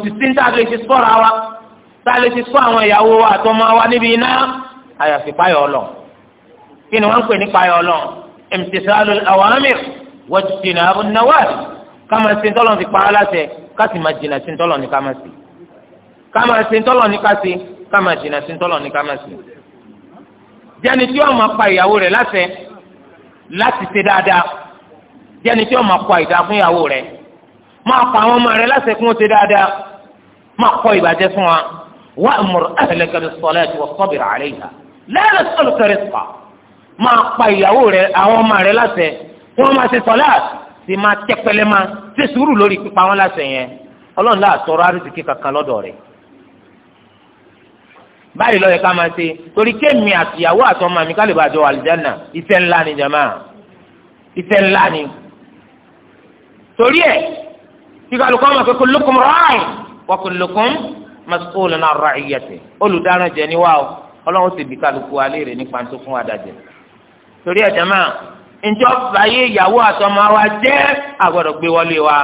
sí ní tàbí lè ṣe wa tá a lè ti sọ àwọn ìyàwó wa àtọmọ wa níbi iná àyàfi páyọ ọlọ kí ni wọn ń pè ní páyọ ọlọ imtisalul awamir wajtinabun nawahi kama se ntọlọ ti kpaa láṣẹ kasi ma jìnnà sí ntọlọ ni kama si kama ntọlọ ni kasi kama jìnnà sí ntọlọ ni kama si jẹni tí ó máa pa ìyàwó rẹ̀ láṣẹ láti ṣe dáadáa jẹni tí ó máa pa ìdá fún ìyàwó rẹ̀ máa pa àwọn ọmọ rẹ̀ láṣẹ kí wọn ṣe dáadáa máa kọ ìbàjẹ́ fún wa wa'mur ahlaka bis-salati was-sabir 'alayha la nas'aluka rizqa máa pa ìyàwó rẹ àwọn ọmọ rẹ láṣẹ tí wọ́n máa ṣe sọlá sì máa tẹpẹlẹ máa ṣe sùúrù lórí pípa wọn láṣẹ yẹn ọlọ́run láà tọrọ àrísìkí kankan lọ́dọ̀ rẹ̀ báyìí ló yẹ ká máa ṣe torí kémi àtìyàwó àtọmọ mi ká lè bá jọ àlùjáná iṣẹ́ ńlá ni jama iṣẹ́ ńlá ni torí ẹ̀ kíkàlùkọ́ ọmọ pé kullukum ra'in wa kullukum mas'ulun na ra ìyẹ̀sẹ̀ olùdáná jẹ ní wa o ọlọ́run sì bí kálukú alẹ́ rẹ̀ nípa tó fún wa dàjẹ́ torí ẹ̀ jẹ́ máa ǹjọ́ fàyè ìyàwó àtọmọ wa jẹ́ àgbọ̀dọ̀ gbé wọlé wa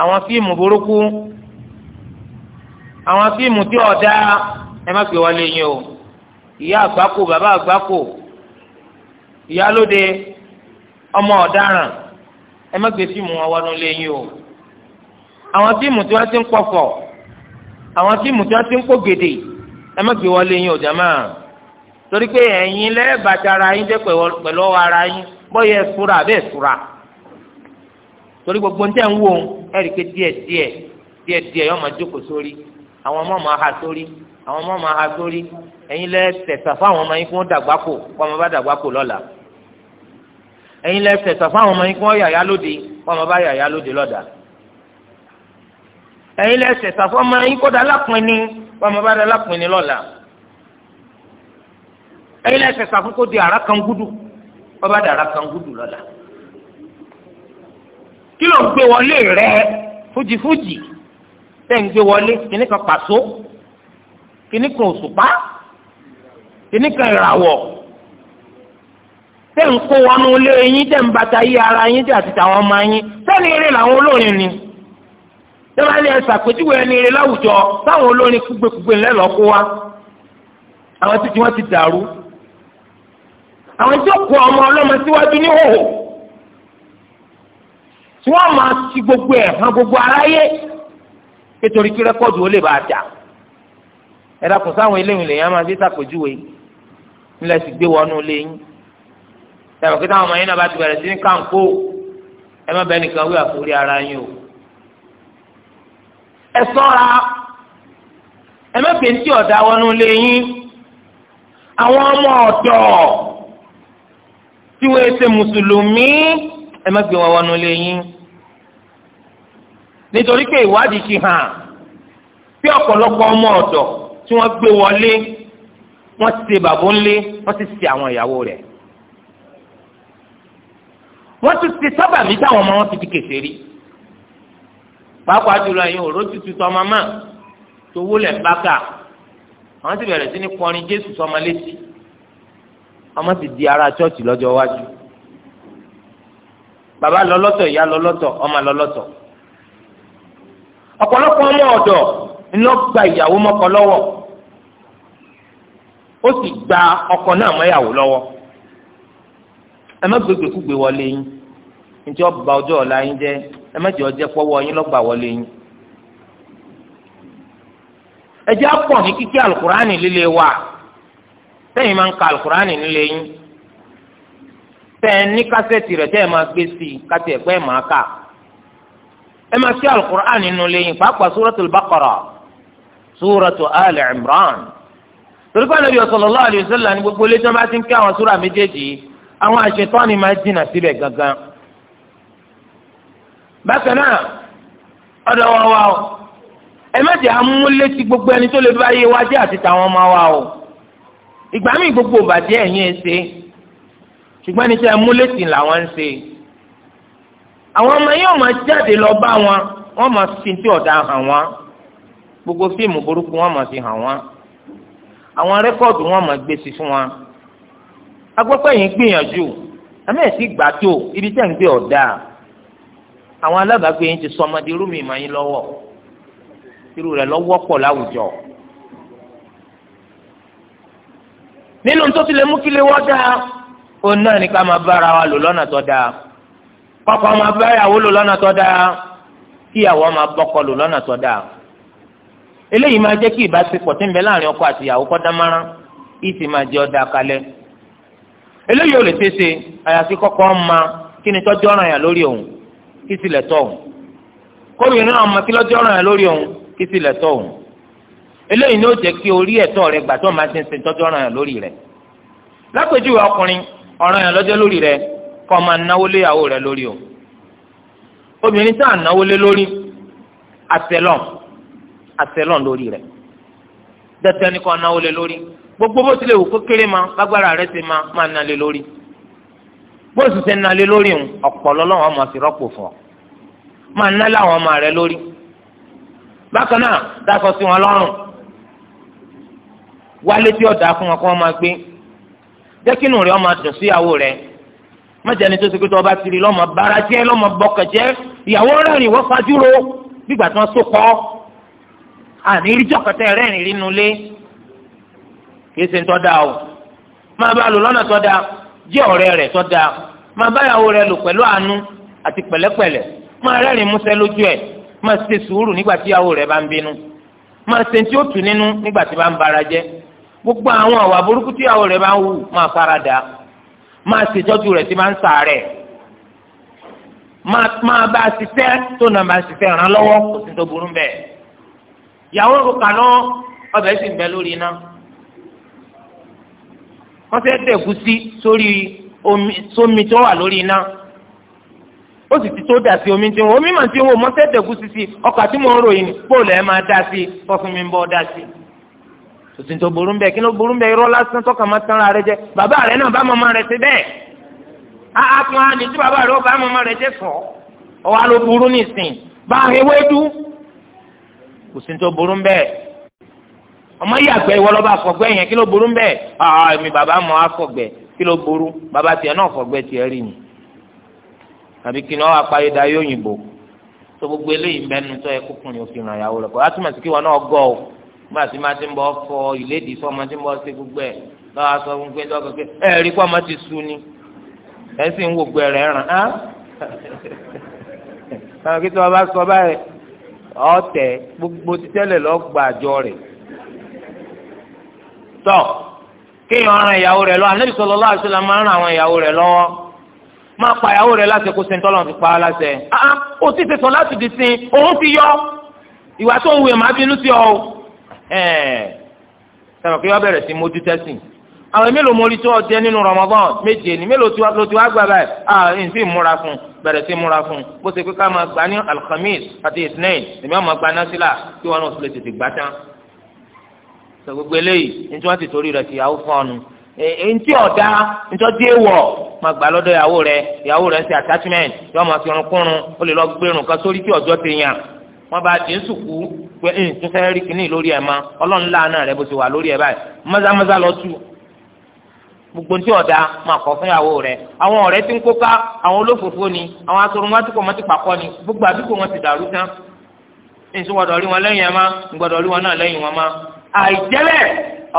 àwọn fíìmù burúkú àwọn fíìmù tí ọ̀dà ẹ má gbé wọlé yín o ìyá àgbákò bàbá àgbákò ìyálóde ọmọ ọ̀daràn ẹ má gbé fíìmù wọn wọnú lé yín o àwọn tíìmù tí wọ́n ti ń pọ̀fọ̀ àwọn tíìmù tí wọ́n ti ń kó gèdè ẹ má gbé wọlé yín ọ̀jà máa torí pé ẹ̀yin lẹ́ẹ̀bàtà ara yín jẹ́ pẹ̀lú ọwọ́ ara yín bọ́yẹ̀ ẹ̀fúra àbẹ́ ẹ̀fúra torí gbogbo ń tẹ̀ ń wò ó ẹ̀rí pé díẹ̀ díẹ̀ díẹ̀ díẹ̀ yóò máa jókòó sórí àwọn ọmọ máa ha sórí àwọn ọmọ máa ha sórí ẹ̀yin lẹ́ tẹ̀sà fáwọn ọmọ yín kí dàgbà kò kó ọmọ bá dàgbà kò lọ́la ẹ̀yin lẹ́ tẹ̀sà fáwọn ọmọ yín kí wọ́n yàyà kó ọmọ bá yàyà lóde lọ́dàá ẹ̀yin lẹ́sẹ̀ sàfọ́mọ yín kó da lápinni bọ́mọ bá da lápinni lọ́la ẹ̀yin lẹ́sẹ̀ sàfún kó di ara kan gúdù bọ́ba da ara kan gúdù lọ́la kí ló ń gbé wọlé rẹ fújifúji tẹ́ ń gbé wọlé kìnnì kan pàṣọ kìnnì kan òṣùpá kìnnì kan ìràwọ̀ tẹ́ ń kó wọnú ilé yín tẹ́ ń bàtà yí ara yín tẹ́ àti tàwọn ọmọ yín sẹ́ni eré làwọn olórin ni yọba ni ẹ ṣàpèjúwe ẹni rẹ láwùjọ táwọn olórin kúgbèkúgbè lẹ́lọ́ọ́ kó wa àwọn títí wọn ti dàrú àwọn tí ó kó ọmọ ọlọ́mọ síwájú ní hòhò tí wọ́n máa ti gbogbo ẹ̀ hàn gbogbo aráyé nítorí kí rẹ́kọ́dù ó lè bá a dà ẹ dákun sáwọn eléyìí lèyàn máa fi ṣàpèjúwe nílẹ̀ sì gbé wọnú léyìn ẹ̀rọ kí táwọn ọmọ yẹn náà bá ti bẹ̀rẹ̀ sí ní káńkó ẹ má bẹ́ẹ̀ nìkan wí àforí ara yín o ẹ sọ́ra ẹ má pè ntí ọ̀dà wọnú lé yín àwọn ọmọ ọ̀dọ́ tí wọ́n ṣe mùsùlùmí ẹ má gbé wọn wọnú lé yín nítorí pé ìwádìí ti hàn bí ọ̀pọ̀lọpọ̀ ọmọ ọ̀dọ́ tí wọ́n gbé wọlé wọ́n ti ṣe bàbá ńlé wọ́n ti ṣe àwọn ìyàwó rẹ̀ wọ́n ti ṣe sábàbí táwọn ọmọ wọn ti di kèsè rí. pàápàá jùlọ ẹ̀yin òró tutù tọmọ mọ́ tó wúlẹ̀ ń bá kà àwọn sì bẹ̀rẹ̀ sí ní kọrin jésù sọmọ létí ọmọ sì di ara chọ́ọ̀chì lọjọ iwájú Baba lọlọtọ lọ́tọ̀ ìyá lọ lọ́tọ̀ ọmọ lọ lọ́tọ̀ ọ̀pọ̀lọpọ̀ ọmọ ọ̀dọ̀ ńlọ gba ìyàwó mọ́kọ lọ́wọ́ ó sì gba ọkọ náà mọ́yàwó lọwọ. ẹ má gbégbé kúgbe wọlé yín nítorí ọba ọjọ́ ọ̀la yín jẹ́ ẹ má jẹ ọjẹ pọwọ yín lọgbà wọlé yín ẹ jẹ́ á ní alukurani líle wa sẹ́yìn máa ń ka alukurani líle yín tẹ ní kásẹ̀tì rẹ tẹ ẹ máa gbé sí i kátì máa kà ẹ máa kí alukurani nínú lẹ́yìn pàápàá suratul Baqara suratu Ali Imran torí pé gbogbo létí wọn bá ti ń kí àwọn méjèèjì bákan náà ọ̀dọ̀ wa wa o ẹ má jẹ́ amúlétí gbogbo ẹni tó lè bá yé wa jẹ́ àti tàwọn ọmọ wa o ìgbà míì gbogbo òbàjẹ́ ẹ̀yìn ẹ̀ ṣe ṣùgbọ́n ẹni tí amúlétí làwọn ń ṣe àwọn ọmọ yóò máa jáde lọ bá wọn wọ́n máa fi ọ̀dà hàn wọ́n gbogbo fíìmù burúkú wọ́n máa fi hàn wọ́n àwọn rẹ́kọ̀dù wọ́n máa gbé sí fún wọn agbọ́pẹ́ yìí gbìyànjú àmì ẹ̀sìn gbàtó ibi tẹ̀ ń gbé ọ̀dà àwọn alábàágbé yín ti sọ ọmọdé rúmi ìmọ̀ yín lọ́wọ́ irú rẹ̀ lọ́wọ́ pọ̀ láwùjọ. nínú tó ti lè mú kí lè wọ́ dáa òun náà ká lò lọ́nà tó dáa kọ́kọ́ máa bá ìyàwó lò lọ́nà tó dáa kíyàwó máa bọ́kọ lò lọ́nà tó dáa eléyìí máa jẹ́ kí ìbáṣepọ̀ tí ń bẹ láàrin ọkọ àti ìyàwó kọ́ dámárán sì máa jẹ́ kí tilẹ̀ tọ̀ òun kórìíra náà ọmọ kí lọ́jọ́ ràn án lórí òun kí tilẹ̀ tọ̀ òun eléyìí ni ó jẹ́ kí orí ẹ̀tọ́ rẹ gbà tó máa ti ń ṣe tọ́jọ́ ràn án lórí rẹ lápèjúwe ọkùnrin ọ̀ràn yàn lọ́jọ́ lórí rẹ kọ́ máa náwó léyàwó rẹ lórí o obìnrin tá à náwó lé lórí àtẹlọ́n àtẹlọ́n lórí rẹ dẹ́tẹ́ ni kọ́ náwó lé lórí gbogbo bó tilẹ̀ wù kó kéré ma lágbára rẹ ti ma máa ná lé lórí bó o sì ṣe nalé lórí òun ọ̀pọ̀lọ́ lọ́wọ́ ọmọ sí rọ́pò fún ọ máa ná láwọn ọmọ rẹ lórí bákan náà dákọ sí wọn lọ́rùn wálé tí ọ̀dà fún wọn kó wọn máa gbé jẹ́ kí inú rẹ ọmọ dùn sí rẹ mọ̀jẹ̀ ni tó ti pé tó ọba tiri lọ́mọ bára jẹ́ lọ́mọ bọ̀kẹ̀jẹ́ ìyàwó rẹ̀rìn wọ́n fajúro nígbà tí wọ́n so kọ́ àní ìrìjọ́ kẹtẹ́ rẹ̀rìn rínú lé kí ẹ ń tọ́ da o máa bá a lò lọ́nà tọ́ da o jẹ́ ọ̀rẹ́ rẹ̀ sọ́dà máa báyàwó rẹ̀ lò pẹ̀lú àánú àti pẹ̀lẹ́pẹ̀lẹ́ máa rẹ́rìn músẹ́ lójú ẹ̀ máa ṣe sùúrù nígbà tí ìyàwó rẹ̀ bá ń bínú máa ṣe tí ó tù nínú nígbà tí bá ń bara jẹ́ gbogbo àwọn àwà burúkú tí ìyàwó rẹ̀ bá ń wù máa farada máa ṣètọ́jú rẹ̀ tí máa ń sàárẹ̀ máa bá a ṣiṣẹ́ tó nà máa ṣiṣẹ́ ràn kò sí tó burú bẹ́ẹ̀ ìyàwó rò ọbẹ̀ sì ń bẹ lórí iná wọ́n fẹ́ dẹ̀kú sí sórí omi sómi tó wà lórí iná ó sì ti tó dà sí omi tí wọn omi màá ti wọ mọ́ fẹ́ dẹ̀kú sí sí ọkọ̀ àti mò ń ròyìn bóòlù ẹ̀ máa dá sí fọ́fún mi ń bọ́ dá sí tòsìn tó burú bẹ́ẹ̀ kí ló burú bẹ́ẹ̀ irọ́ lásán tọ́ka máa tán ara rẹ jẹ bàbá rẹ náà bá rẹ bẹ́ẹ̀ á wa ní tí bàbá rẹ ó bá màmá rẹ jẹ fọ́ ọwọ́ àlọ́ burú nìsín bá tó burú bẹ́ẹ̀ ọmọ yàgbẹ́ ìwọ lọ́ba àfọ̀gbẹ́ yẹn kí ló burú bẹ́ẹ̀ àà ah, èmi bàbá mọ̀ àfọ̀gbẹ́ kí ló burú bàbá tiẹ̀ náà fọ̀gbẹ́ tiẹ̀ rí ni àbí kí ni wọ́n apáyé da yóò yìnbó tó gbogbo eléyìí ń bẹ́nu tó yẹ kókùnrin òfin ràn yàwó rẹ̀ kọ́ látìmọ̀ sí kí wọn náà gọ́ ọ nígbà tí máa ti ń bọ́ fọ ìlédìí fọmọ tí ń bọ́ sí gbogbo ẹ̀ lọ́wọ́ sọ fún pé lọ́kọ̀ pé ẹ rí kó ọmọ ti sú ni ẹ sì ń wò gbẹ rẹ̀ ràn án. àwọn kí tí wọ́n bá sọ báyìí ọ̀tẹ̀ gbogbo títẹ́lẹ̀ lọ́gbàjọ rẹ̀ tọ́ kéèyàn ran ìyàwó rẹ̀ lọ anabi sallallahu alaihi wasallam máa ń ran àwọn ìyàwó rẹ̀ lọ́wọ́ máa pa ìyàwó rẹ̀ láṣẹ kó sin tọ́lọ́ fi pa á láṣẹ ah o ti ṣe sọ láti di sin òun ti yọ ìwà tó ń wù ẹ̀ máa bínú sí ọ sọ̀rọ̀ kí wọ́n bẹ̀rẹ̀ sí mójú tẹ́sìn àwọn mélòó mọ́lí tó ọjẹ́ nínú Ramadan méje ni mélòó tí wọ́n ti wá gbà báyìí ah n sì múra fún bẹ̀rẹ̀ sí múra fún bó ṣe pé ká máa gbà ní alhamis àti isnain èmi àwọn máa sọ gbogbo eléyìí ní tí wọ́n ti torí rẹ̀ ti yàwó fún ọnu ntí ọ̀dá ntọ́jú èèwọ̀ máa gbà lọ́dọ̀ ìyàwó rẹ̀ ìyàwó rẹ̀ ń attachment yọ máa fi ọrùnkúrun ó lè lọ gbẹrun kan sórí tí ọjọ́ ti yàn wọ́n bá dín sùkú pé ń tún fẹ́ rí kínní lórí ẹ̀ mọ́ ọlọ́run láàánú rẹ̀ bó ti wà lórí ẹ̀ báyìí mọ́sámọ́sá lọ tú gbogbo ntí ọ̀dá máa kọ́ fún ìyàwó rẹ̀ àwọn ọ̀rẹ́ tí ń kóká àwọn olófòfó ni àwọn asorun wọn ti pọ̀ wọn ti pàkọ́ ni gbogbo àdúgbò wọn ti dàrú tán ń àìjẹ́lẹ̀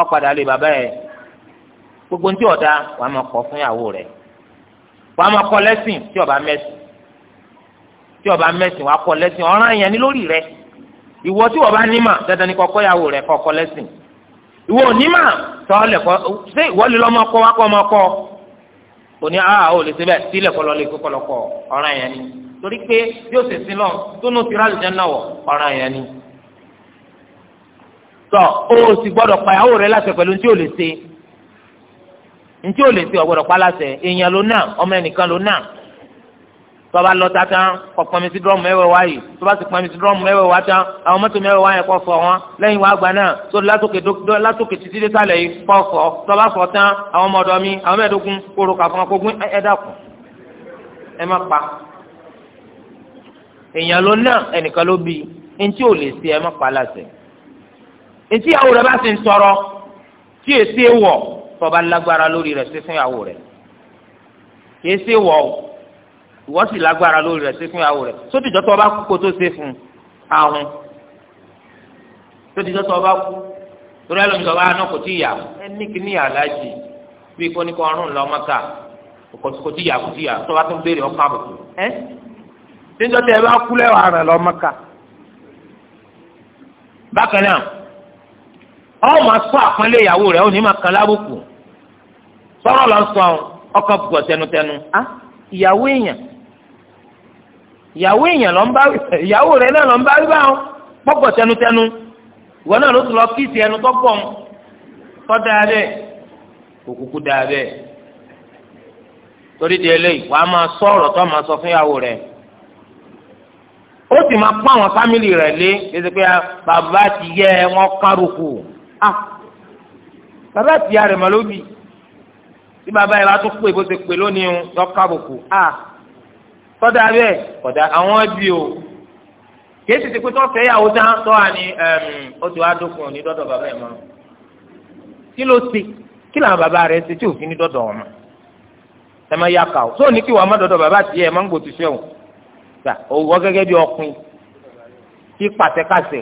ọ̀padà lè bàbá yẹn gbogbo ní tí ọ̀dà wàá máa kọ́ fún ìyàwó rẹ̀ wàá máa kọ́ lẹ́sìn tí ọba mẹ́sìn tí ọba mẹ́sìn wàá kọ́ lẹ́sìn ọ̀ràn yẹn ni lórí rẹ̀ ìwọ tí ọba nímà dandan ni kọ́kọ́ ìyàwó rẹ̀ kọ́kọ́ lẹ́sìn ìwọ onímà tọ́lẹ̀ kọ́ ṣé ìwọ lè lọ́ máa kọ́ wá kọ́ máa kọ́ òní àá ò lè ṣe bẹ́ẹ̀ sílẹ̀ kọ́ lọ lè kọ́ lọ́kọ́ ọ̀ràn yẹn ni torí pé bí ṣe sí lọ tọ o sì gbọ́dọ̀ pa ìyàwó rẹ láṣẹ pẹ̀lú ntí o lè ṣe ntí o lè ṣe ọgbọdọ pa láṣẹ èèyàn ló náà ọmọ ẹnìkan ló náà tọba lọ tata kọ pọnmi sí dọrọmù mẹwẹẹ wá yìí tọba sì pọnmi sí dọrọmù mẹwẹẹ wá tán àwọn mọ́tò mẹwẹẹ wá yẹn kọ fọ wọn lẹ́yìn wá gba náà tó látòkè dó látòkè títí dé sálẹ̀ yìí kọ fọ tọba fọ tán àwọn ọmọdọ mi àwọn mẹ́ẹ̀ẹ́dógún kóró kà fún wọn kó gún ẹ dàkún ẹ má pa èèyàn ló náà ẹnìkan ló bí ntí ò lè ṣe ẹ má pa láṣẹ etí ìyàwó rẹ bá sì ń sọ̀rọ̀ tí èsì wọ tọba lágbára lórí rẹ sí fún ìyàwó rẹ kì í sí wọ ìwọ sì lágbára lórí rẹ sí fún ìyàwó rẹ sótìjọ tó o bá kú kó tó ṣe fún ahun sótìjọ tó o bá kú torí ẹlòmí tó o bá aná kò tí ìyà ẹni kìíní àlájì bíi kó ní kó ọrùn lọ mọ́ta kò tí ìyà kò tí ìyà tó o béèrè ọkọ àbùkù ẹ síjọ tẹ ẹ bá kú lẹ́wọ̀ àrùn lọ mọ́ka bákan náà ọ máa sọ àpọ́nlé ìyàwó rẹ̀ ó ní máa kan lábùkù sọ̀rọ̀ lọ sọ ọkọ gbọ̀ tẹnutẹnu á ah, ìyàwó èèyàn ìyàwó èèyàn lọ ń bá ìyàwó rẹ̀ náà lọ ń bá rí báwọn gbọ́gbọ̀ tẹnutẹnu ìwọ náà ló tún lọ kíìsì ẹnu tọ́gbọ̀ ń tọ́ dáa bẹ́ẹ̀ òkùnkùn dáa bẹ́ẹ̀ torí di eléyìí wàá máa sọ ọ̀rọ̀ tó máa sọ fún ìyàwó rẹ̀ ó sì máa pọ́n àwọn fámìlì rẹ̀ lé kí pé bàbá ti yẹ wọn kárùkù a ah. bàbá àtìyá rẹ̀ mọ̀ lóbi tí bàbá yẹn bá tún pè bó ṣe pè lónìí ń lọ́ka àbùkù a ah. tọ́da bẹ́ẹ̀ kọ̀dà àwọn di o kìí sì ti pé tọ́fẹ́ ìyàwó tán tọ́ à ní oṣù àdókùn òní dọ́dọ̀ bàbá ẹ̀ mọ́ kí ló ṣe kí làwọn bàbá rẹ̀ ṣe tí òfin ní dọ́dọ̀ ọ̀mọ́ ẹ má ya kà ó sóò ní kí wàá má dọ́dọ̀ bàbá tiẹ̀ ẹ má ń gbòtú sẹ́wọ̀n gbà òwò gẹ́gẹ́ bí ọkùnrin kí pàṣẹ kàṣẹ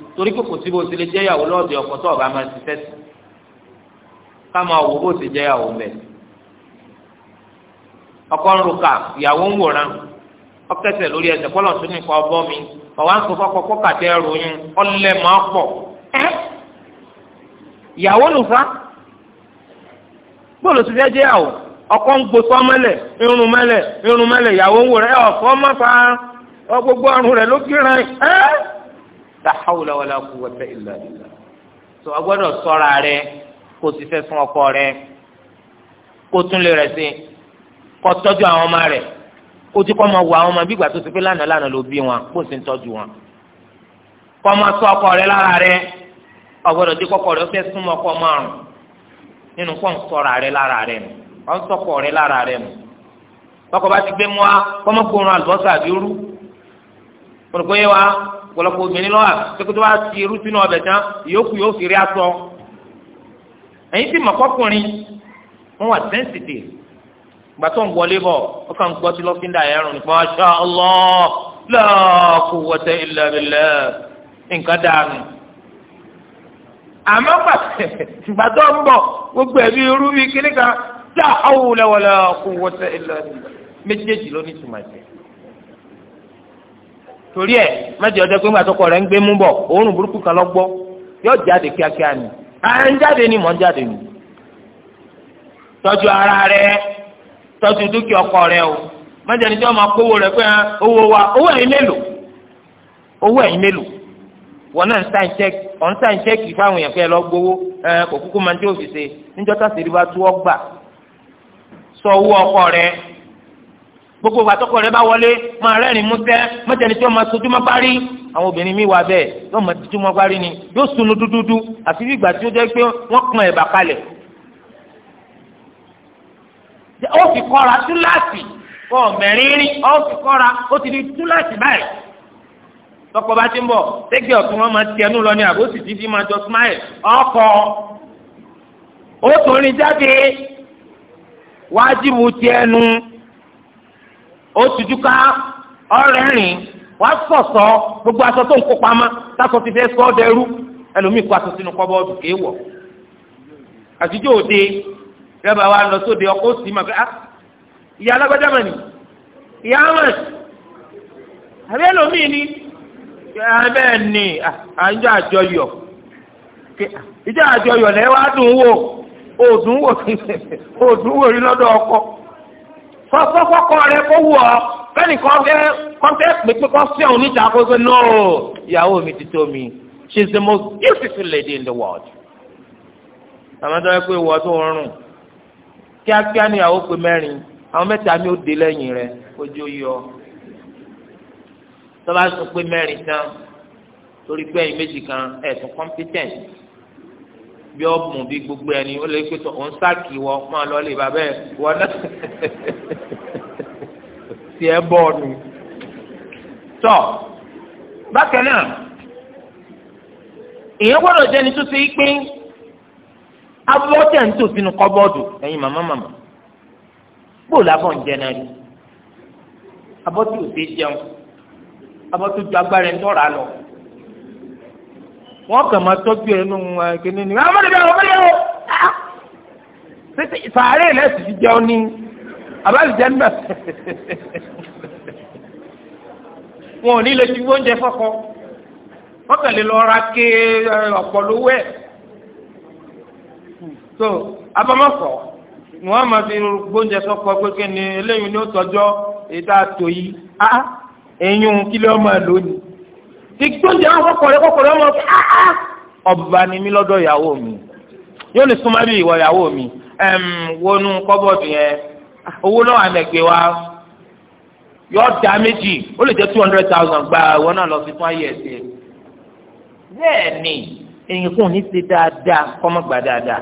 torí pé kò sí bó ti lè jẹ́yàwó lọ́ọ̀dẹ ọkọ tó ọba máa ṣiṣẹ́ sí ká máa wò bó ti jẹ́yàwó mẹ́. ọkọ ń ruka ìyàwó ń wòran ọkẹsẹ lórí ẹsẹ kọlọ tún nìkan ọbọ mi ọwọ ń sọ fọkọ kọkàtẹ ròyìn ọlẹ máa pọ ìyàwó nùfà bóòlù ti fẹ́ jẹ́yàwó ọkọ ń gbòtọ́ mẹ́lẹ̀ irun mẹ́lẹ̀ irun mẹ́lẹ̀ ìyàwó ń wòran ẹ̀ ọ̀fọ́ mọ́ta gbogbo ọrùn rẹ̀ ló kíran ẹ́ la hawla wala quwwata illa billah so a gbọ́dọ̀ ṣọ́ra rẹ kó o ti fẹ́ fún ọkọ rẹ kó o tún lè rẹ sí kó o tọ́jú àwọn ọmọ rẹ kó o ti kọ́ ọmọ wọ àwọn ọmọ bí ìgbà tó ti pé lánàá lánàá ló bí wọn kó o sì ń tọ́jú wọn kó o máa ṣọ́ ọkọ rẹ lára rẹ ọgbọ́dọ̀ dé kọ́kọ́ rẹ ó fẹ́ súnmọ́ ọkọ márùn nínú kó ń ṣọ́ra rẹ lára rẹ nù ọ̀ ń sọkọ rẹ lára rẹ nù tọkọ bá ti gbé mu wa kọ́mọ́kùnrin àlùbọ́sà àbí rú kòtòkó yé wa ọ̀pọ̀lọpọ̀ obìnrin lọ́wọ́ tókòtò wa ti irú sínú ọbẹ̀ tán ìyókù yóò fi rí aṣọ. ẹ̀yin ti mọ̀ kọ́kùnrin wọ́n wà sensitive gbà tó ń wọlé bọ̀ ó kàn ń gbọ́ tí lọ́fíńdà yẹn rùn nípa Masha Allah la quwwata illa billah nǹkan dànù. àmọ́ gbà tó ń bọ̀ gbogbo ẹ̀mí irú bíi kíníkan la hawla wala quwwata illa billah méjèèjì ló ní tùmọ̀ ẹ̀jẹ̀. torí ẹ mẹjọ ọjọ́ pé ńgbà tọkọ rẹ ń gbé mú bọ òórùn burúkú kan lọ gbọ́ yóò jáde kíákíá ni à ń jáde ni mò ń jáde ni ara rẹ dúkìá ọkọ rẹ o mẹjọ ni tí wọn máa kówó rẹ pé ah, owó wa owó ẹ̀yin mélòó owó ẹ̀yin mélòó wọn náà ń sáìn check ọ̀n sáìn check fáwọn èèyàn lọ gbowó ẹ kò kúkú máa ń sọ owó ọkọ rẹ gbogbo àtọkọ rẹ bá wọlé máa rẹrin músẹ́ mọ́tẹ́ni tí wọ́n máa sojú máa parí àwọn obìnrin mi wà yóò máa sojú máa parí ni yóò dúdúdú àti tí ó jẹ́ pé kalẹ̀ ó túláàsì di túláàsì báyìí tọkọ wọn máa ó tuju ọrịa ọrẹ́rìn wà sọsọ gbogbo aṣọ tó ń kó pamọ́ táṣọ ti fẹ́ sọ́ dẹrú ẹlòmíì kó aṣọ sínú kọ́bọ́ọ̀dù kéwọ̀ àtijọ́ òde rẹ́bà wa lọ sóde ọkọ̀ òsì mà pé ah, ìyá alágbájá mà ní ìyá mà àbí ẹlòmíì ni ah, bẹ́ẹ̀ ni ah, àjọ àjọyọ̀ ìjọ àjọyọ̀ lẹ́wàá dùn wò òdùn wò òdùn wò rí lọ́dọ̀ kọ́kọ́kọ́ rẹ kó wù ọ́ kẹ́nìkan fẹ́ kọ́ńtẹ́ sí ọ̀hún níta kó sọ no ìyàwó mi ti tó mi she is the most beautiful lady in the world. àmọ́tọ́ ẹ pé ìwọ tó ń rùn kíákíá ni ìyàwó pé mẹ́rin àwọn mẹ́ta mi ò dé lẹ́yìn rẹ ojú yọ tọ́ba sọ pé mẹ́rin tán torí pé ẹ̀yin méjì kan ẹ̀sùn competent bí ọ̀bùn bí gbogbo ẹni ó lè pé tó ń sáàkì wọ máa lọ lè bàbá ẹ wọn náà ti ẹ bọ̀ ọ̀nù. tọ́ bákan náà èèyàn gbọ́dọ̀ jẹ́ ni tó ṣe pé abọ́tẹ̀ ń tò sínú kọ́bọ́ọ̀dù ẹ̀yin màmá màmá bóòlù abọ́ ń jẹ náà rí abọ́tẹ̀ ò ṣe jẹun abọ́tẹ̀ ju agbára ẹ̀ ń tọ́ra lọ wọ́n kàn máa tọ́jú ẹnu kìnìún ni ọmọdé bẹ́ẹ̀ ọmọdé o. títí sàárè lẹ́sìn ti jẹun ní abáàlìjẹ́ ń bẹ̀. wọn ò ní lè fi oúnjẹ fọ́kọ wọ́n kàn lè lọ ra ké ọ̀pọ̀ lówó so abamọ́kọ̀ ni wọ́n máa fi gbóúnjẹ sọ́kọ pé kí eléyìí ni ó tọ́jọ́ èyí tá a tò yìí á ah, ẹ̀yìn ìgbóúnjẹ wọn kọkọrẹ kọkọrẹ wọn lọ ah, ah. ọba ni mí lọ́dọ̀ ìyàwó mi yóò lè súnmọ́ bí ìwọ ìyàwó mi wọnú kọ́bọ̀dù yẹn owó náà àmẹ̀gbẹ̀ wa yọ da méjì ó lè jẹ́ two hundred thousand gba ìwọ náà lọ sí fún ayé ẹ̀sẹ̀ bẹ́ẹ̀ ni èyàn ní ṣe dáadáa kọ́mọ́ dáadáa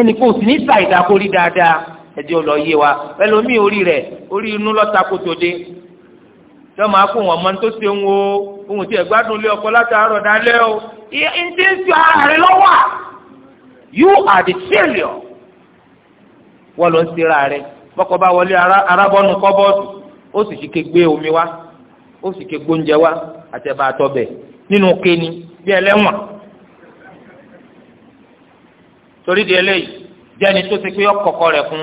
ẹnì kò sì ní ṣàìdá kórí dáadáa ẹ̀jẹ̀ ò yé wa ẹlòmíì orí rẹ̀ orí inú lọ́ta kótó dé sọ́mọ akó wọn mọ́ tó ṣe ń wo ohun tí ẹ̀gbádùn lé ọkọ látàárọ̀ dálẹ́ o ǹjẹ́ ń tu ara rẹ lọ́wọ́ you are the failure wọ́n ló ń ṣera rẹ bọ́kọ bá wọlé arábọ́nu kọ́bọ́ọ̀dù ó sì ṣe omi wá ó sì kegbe oúnjẹ wá àtẹ̀bà nínú kéni bí ẹlẹ́wọ̀n torí di eléyìí jẹ́ni tó ti pé ọkọ̀ọ̀kọ̀ rẹ̀ fún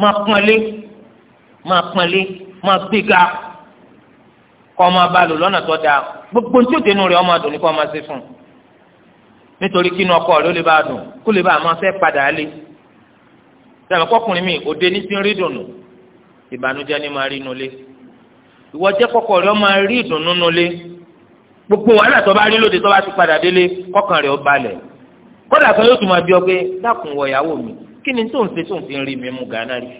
máa pọ́nlé máa pọ́nlé máa gbéga. kọ́ ọmọ bá lò lọ́nà tó dáa gbogbo tí ó dénú rẹ̀ ọmọ dùn ní kọ́ ọmọ sí fún un nítorí kí inú ọkọ rẹ̀ ó lè bá dùn kó lè bá àmọ́ fẹ́ padà lé sẹ́mi kọkùnrin mi òde ní ti ń rí dùnú ìbànújẹ́ ni máa rí inú lé ìwọ jẹ́ kọkọ rẹ̀ ó máa rí ìdùnnú inú lé gbogbo wàhálà tó bá rí lóde tó bá ti padà délé kọkàn rẹ̀ ó balẹ̀ kódà kan yóò tún máa bí ọ pé dákun wọ ìyàwó mi kí ni tóun ṣe tóun fi ń rí mi mú gánà rí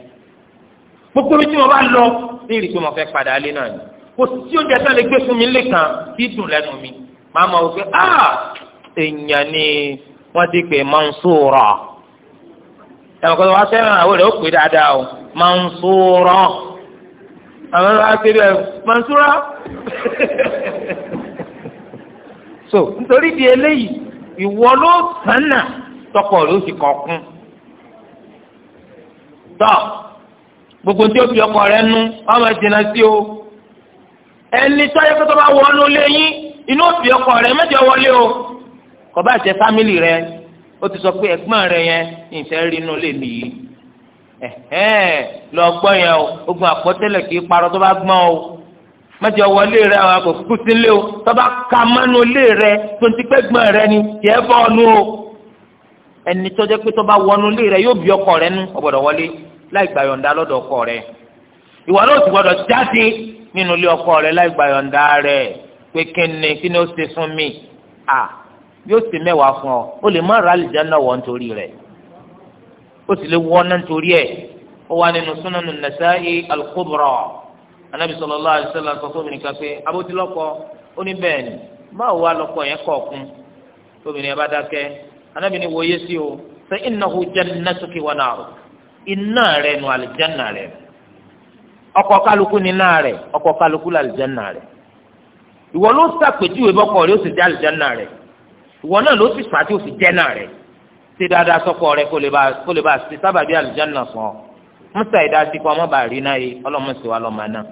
gbogbo bí tí mo bá lọ ní ìrìkú mo fẹ́ padà lé náà ni kò sí oúnjẹ lè gbé fún mi lẹ́kàn kí dùn lẹ́nu mi màá ma wò pé ah èèyàn ni wọ́n ti pè ọ ẹ̀wọ̀n wá sẹ́yìn àwọn rẹ̀ ó pè dáadáa o àwọn so nítorí di eléyìí ìwọ ló tọkọ rẹ ó sì kọ kún tọ gbogbo tí fi ọkọ rẹ nu ọmọ sí o. ẹni tó yẹ kó tó bá wọnú lé yín inú òbí ọkọ rẹ mẹjọ wọlé o kò bá jẹ fámìlì rẹ ó ti sọ pé ẹ̀gbọ́n rẹ yẹn ìfẹ́ rí inú lè nìyí ẹhẹn lọ gbọ́ yẹn o ogun àpọtẹlẹ kì í parọ́ tó bá gbọ́n o mẹjọ wọlé rẹ àwọn àkókò sílé o tó bá ka mọnú lé rẹ tó ti pẹ gbọ́n rẹ ni jẹ bọ ọnu o ẹni tó jẹ pé tó bá wọnú lé rẹ yóò bí ọkọ rẹ nú ọgbọ́dọ̀ wọlé láì gbàyọ̀ǹda lọ́dọ̀ ọkọ rẹ ìwà náà ti nínú ilé ọkọ rẹ láì gba yọ̀ǹda rẹ pé kíni kíni ó ṣe fún mi à yóò ṣe mẹ́wàá fún ọ ó lè má ra àlìjáná wọ̀ nítorí rẹ ó sì lè wọ́ náà nítorí ẹ̀ ó wà nínú súnánù nàṣáì al-kubra anabi sallallahu alaihi wasallam sọ fún mi nìkan pé abótilọ́kọ ó ní bẹ́ẹ̀ ni báwo wá lọ́kọ yẹn kọ̀ọ̀kun tóbi ni ẹ bá dákẹ́ anabi ni wòye sí o fa innahu ọkọ kálukú ní náà rẹ̀ ọkọ kálukú làlùjánnà rẹ̀ ìwọ ló sàpèjúwe bọ́kọ rẹ̀ ó sì jẹ́ àlùjánnà rẹ̀ ìwọ náà ló sì fàá tí ó sì jẹ́ náà rẹ̀ ṣe dáadáa sọ́kọ rẹ̀ kó lè bá ṣe sábàbí àlùjánnà sàn ọ́ musa ìdásí kọ́ ọmọ bàrí náà yìí ọlọ́mọ sì wà lọ́mọ náà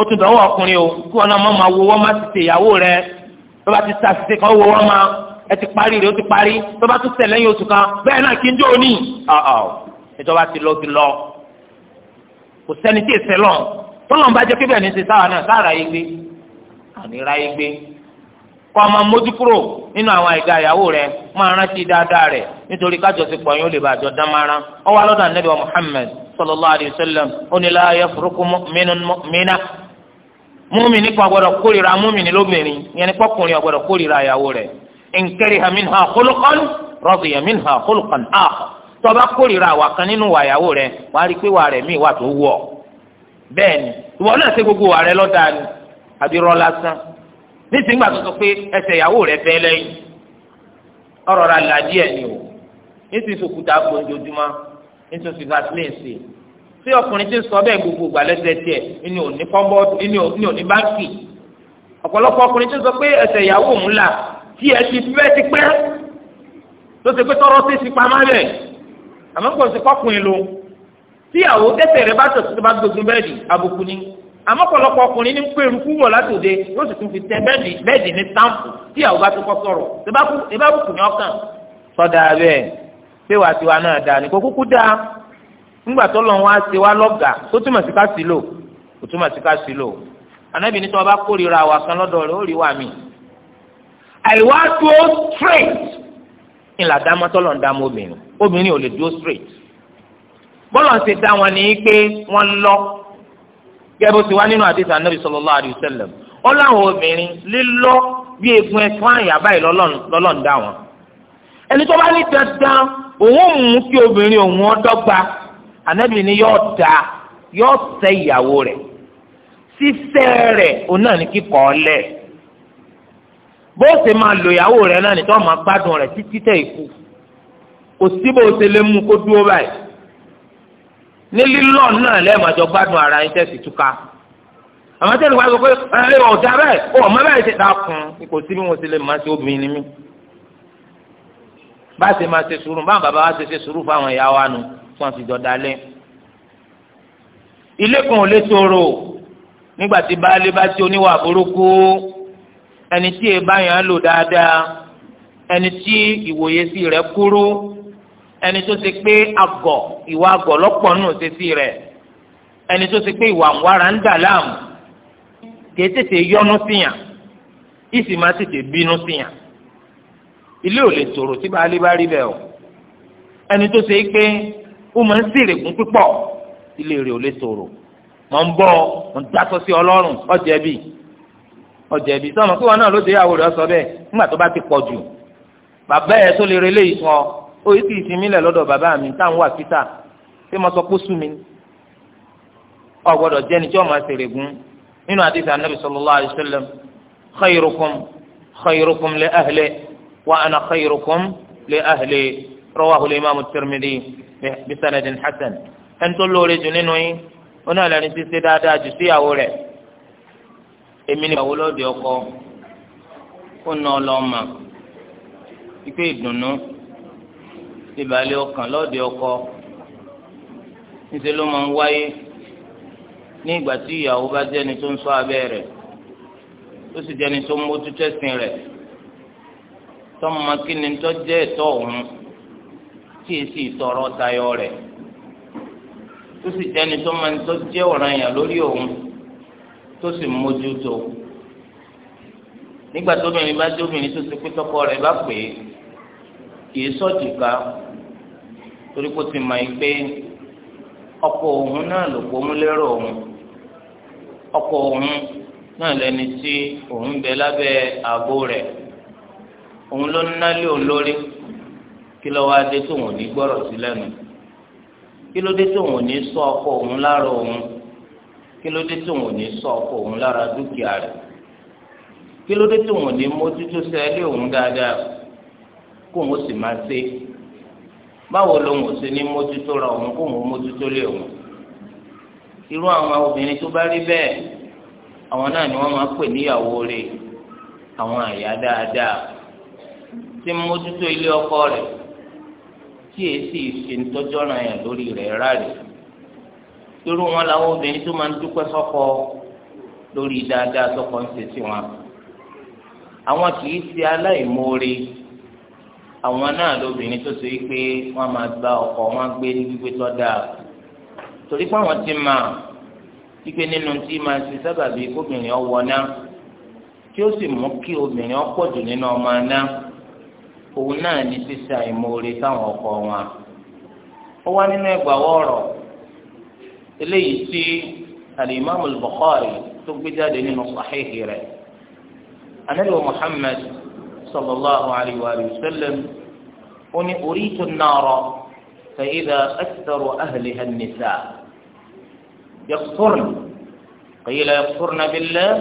ó tún dánwó ọkùnrin o kí wọn náà máa wo wọn máa ti ṣe ìyàwó rẹ̀ tó bá ti ta ṣiṣẹ́ kan wo wọn máa ẹ ti parí rẹ̀ ó ti parí tó bá tún ṣẹlẹ̀ oṣù kan bẹ́ẹ̀ náà kí n jó kò sẹ́ni tí èsè lọ́n tọ́lọ́n bá jẹ́ pé bẹ́ẹ̀ ni ti sáwà náà sáàrà yìí gbé àníra yìí gbé kọ́ ọmọ mójú kúrò nínú àwọn àìga ìyàwó rẹ máa rántí dáadáa rẹ nítorí kájọsípọ̀ yín ó lè bàjọ́ dámára ó wá lọ́dọ̀ anábìwá Muhammad sallallahu alayhi wa sallam ó ní la yafruqu mu'minun mu'mina múmìnì kan gbọ́dọ̀ lóbìnrin yẹn ni kọkùnrin ọgbọ́dọ̀ kórìíra ìyàwó rẹ in kariha minha khuluqan radiya tọba kórìíra àwa kan nínú wà ìyàwó rẹ wàá rí pé wà rẹ míì wà tó wù ọ́ bẹ́ẹ̀ ni ìwọ náà ṣe gbogbo wà rẹ lọdà ni àbírọ lásán nísìnyí gbà tó sọ pé ẹsẹ̀ ìyàwó rẹ bẹ lẹ́yìn ọ̀rọ̀ rà là díẹ̀ ni o nítorí sòkúta gbòǹdojúmọ nítorí sòkúta vaseline sí tí ọkùnrin ti sọ bẹ́ẹ̀ gbogbo gbà lẹ́sẹ̀ tiẹ̀ òní pọmbọọdù ìní òní báńkì ọ̀pọ̀lọpọ̀ ọkùnrin ti sọ pé ẹsẹ̀ ìyàwó òun là tí ẹ ti fẹ́ ti pẹ́ tó ṣe pé tọrọ sí ti pamọ́ bẹ́ẹ̀ àmọ́ kò sí kọkùnrin lo tíyàwó tẹsẹ̀ rẹ̀ bá tọ̀tún tó bá gbógun bẹ́ẹ̀dì àbùkù ni àmọ́ pọ̀lọpọ̀ ọkùnrin ní pé eruku wọ̀ látòde yóò sì tún fi tẹ bẹ́ẹ̀dì bẹ́ẹ̀dì ní táǹpù tíyàwó bá tó kọ́ sọ̀rọ̀ ìbábùkù ni ọkàn sọ́dà bẹ́ẹ̀ pé wàá tiwa náà dáa ní kò kúkú dáa ńgbà tó lọ́n wá sí wa lọ́gà tó túmọ̀ sí ká sí lò kò túmọ̀ sí ká sí lò anábì ní tí wọ́n bá kórìíra wa kan lọ́dọ̀ rẹ̀ ó rí wa mi. àìwá tó straight ńlá dámọ́tọ́lọ́ ń dámọ́ obìnrin obìnrin ò lè dúró straight bọ́lá ń ṣe dá wọn ní pé wọ́n lọ gẹ́gẹ́ bó ti wá nínú àdéhùn anábì sallallahu alaihi wasallam ó láwọn obìnrin lílọ bí egun ẹ̀fọn àyàbá yìí lọ́lọ́run dá wọn ẹni tó bá ní dandan òun ò mú kí obìnrin òun ọdọ́gba anábì ni yóò da yóò ṣe ìyàwó rẹ̀ sísẹ́ rẹ̀ òun náà ní kíkọ́ ọlẹ́ẹ̀ bó ṣe máa lo ìyàwó rẹ náà nítorí wọn máa gbádùn rẹ títí tẹ ikú kò síbò ó tẹlẹ mú kó dúró báyìí ní lílọ náà lẹ́ẹ̀mọ́jọ gbádùn ara yín tẹ̀sí túká àmọ́ tẹ́lẹ̀ wá sọ pé ẹ ọ̀dà bẹ́ẹ̀ ọ̀ mọ́ bẹ́ẹ̀ ṣe dákun kò sí bí wọ́n ti lè máa ṣe obìnrin ni mí bá a ṣe máa ṣe sùúrù bá bàbá wa ṣe ṣe sùúrù fáwọn ìyá wa nù tí wọ́n ti jọ dalẹ̀ ilé kan ò lè tòrò nígbà tí baálé bá ti oníwà burúkú ẹni tí èèbá yẹn lò dáadáa ẹni tí ìwòye sí rẹ̀ kúrú ẹni tó ṣe pé àgọ̀ ìwà àgọ̀ lọ́pọ̀ nù ṣèṣì rẹ̀ ẹni tó ṣe pé ìwà ńwára ń dà láàmú kìí tètè yọnu síyàn ìsì máa tètè bínú síyàn ilé ò lè tòrò tí baálé bá rí bẹ́ẹ̀ o ẹni tó ṣe pé ó máa ń sèrègùn pípọ̀ ilé rẹ̀ ò lè tòrò mọ̀ ń bọ́ ọ̀ ń dásọ sí ọlọ́run ọ̀jẹ̀bi ọ̀jẹ̀bi sọ̀rọ̀ kí wọn náà ló dé àwòrán sọ bẹ́ẹ̀ nígbà tó bá ti pọ̀ jù bàbá ẹ̀ tó lè relé ìtàn oye ti ìsinmi lẹ̀ lọ́dọ̀ bàbá mi táwọn wà fita ṣé mo sọ pé sú mi ọ gbọ́dọ̀ jẹ́ ni tí wọ́n máa ṣèrè gún nínú àdìsí anabi sallallahu alayhi wa sallam khayrukum khayrukum li ahli wa ana khayrukum li ahli rawahu imaamu tirmidhi bisanadin hasan ẹni tó lóore jù nínú yín ó náà lẹni tí ṣe dáadáa jù síyàwó rẹ̀ èmi ni ìyàwó lọ́dẹ ọkọ ó ná ọ lọ́ọ́ mà ikú ìdùnnú ìbàlẹ̀ ọkàn lọ́ọ̀dẹ ọkọ níṣẹ́ ló máa ń wáyé ní ìgbà tí ìyàwó bá jẹ́ni tó ń ṣọ́ abẹ́ rẹ̀ tó sì jẹ́ni tó ń mójútó ẹ̀sìn rẹ̀ tọ́mọ kí ni tó jẹ́ ẹ̀tọ́ òun tí èsì ìtọ̀rọ̀ tayọ rẹ̀ tó sì jẹ́ni tó máa ń tó jẹ́ ọ̀ràn yàn lórí òun tó sì mójútó nígbà ni bá tóbìnrin tó ti pé tọkọ rẹ̀ bá pè é kì í sọ̀tìká. So torí kó ti mọ yìí pé ọkọ òun náà ló kó lérò òun ọkọ òun náà lẹni tí òun bẹ lábẹ́ ààbò rẹ̀ òun ló ń nálé òun lórí kí ló wáá dé tóun ò ní gbọ́rọ̀ sí lẹ́nu kí ló dé ò ní sọ ọkọ òun lára òun kí ló dé tóun ò ní ọkọ òun lára dúkìá báwo lòun ò ṣe ní mójútó ra òun kó òun mójútó lé òun irú àwọn obìnrin tó bá rí bẹ́ẹ̀ àwọn náà ni wọ́n máa pè níyàwó rẹ̀ àwọn àyà dáadáa tí ń mójútó ilé ọkọ rẹ̀ tí èsì ṣe ń tọ́jọ́ ra yàn lórí rẹ̀ rárẹ̀ irú wọn làwọn obìnrin tó máa ń dúpẹ́ sọ́kọ lórí dáadáa sọ́kọ ń ṣe sí wọn àwọn kì í ṣe aláìmoore. àwọn náà lóbìnrin tó ṣe pé wọn máa gba ọkọ wọn gbé ní gbígbé tó dáa torí pé àwọn ti máa wípé nínú tí máa ṣe sábàbí kóbìnrin ọwọ́ náà tí ó sì mú kí obìnrin ọ̀pọ̀ jù nínú ọmọ náà òun náà ní sísè àìmoore ọkọ wọn ó wá nínú eléyìí tí alimami Bukhari tó gbé jáde nínú rẹ̀ sallallahu alayhi wa sallam ó ní uritu an-nara fa idha aktharu ahliha an-nisaa yaqfurna qila yaqfurna billah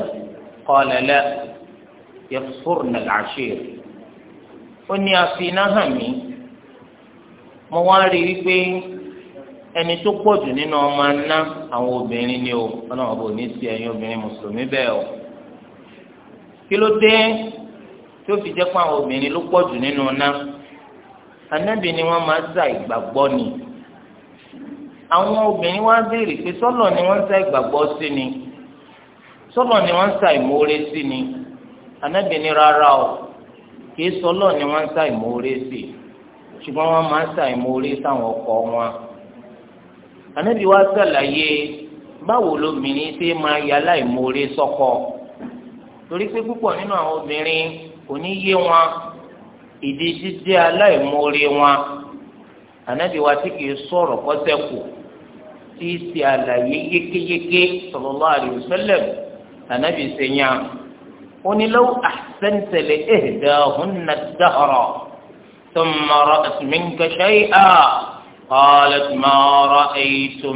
qala la yaqfurna al-ashir ó ní àfihàn hàn mí mo wá rí i pé ẹni tó pọ̀ jù nínú ọmọ aná àwọn obìnrin ni o ọlọ́run ọba ò ní sí ẹ̀yin obìnrin mùsùlùmí bẹ́ẹ̀ o kí ló dé tí ó fi jẹ́ pé àwọn obìnrin ló pọ̀ jù nínú ná anábì ni wọ́n máa ń ìgbàgbọ́ ni àwọn obìnrin wá béèrè pé sọ́lọ̀ ni wọ́n ń sa ìgbàgbọ́ sí ni sọ́lọ̀ ni wọ́n ń sa ìmoore sí ni anábì ni rárá o kìí sọ́lọ̀ ni wọ́n ń sa ìmoore sí ṣùgbọ́n wọ́n máa ń ìmoore sáwọn ọkọ wọn anábì wá sàlàyé báwo lobìnrin ṣe máa yà láìmoore sọ́kọ torí pé púpọ̀ nínú àwọn obìnrin kò ní yé wọn ìdí jíjẹ aláìmoore wọn ànábì wa tí kìí sọ̀rọ̀ kọsẹkù tí í ṣe àlàyé yékéyéké sallallahu alaihi wasallam ànábì sẹyìn ó ní law ahsanta li ihdahunna ad-dahra thumma ra'at minka shay'an qalat ma ra'aytu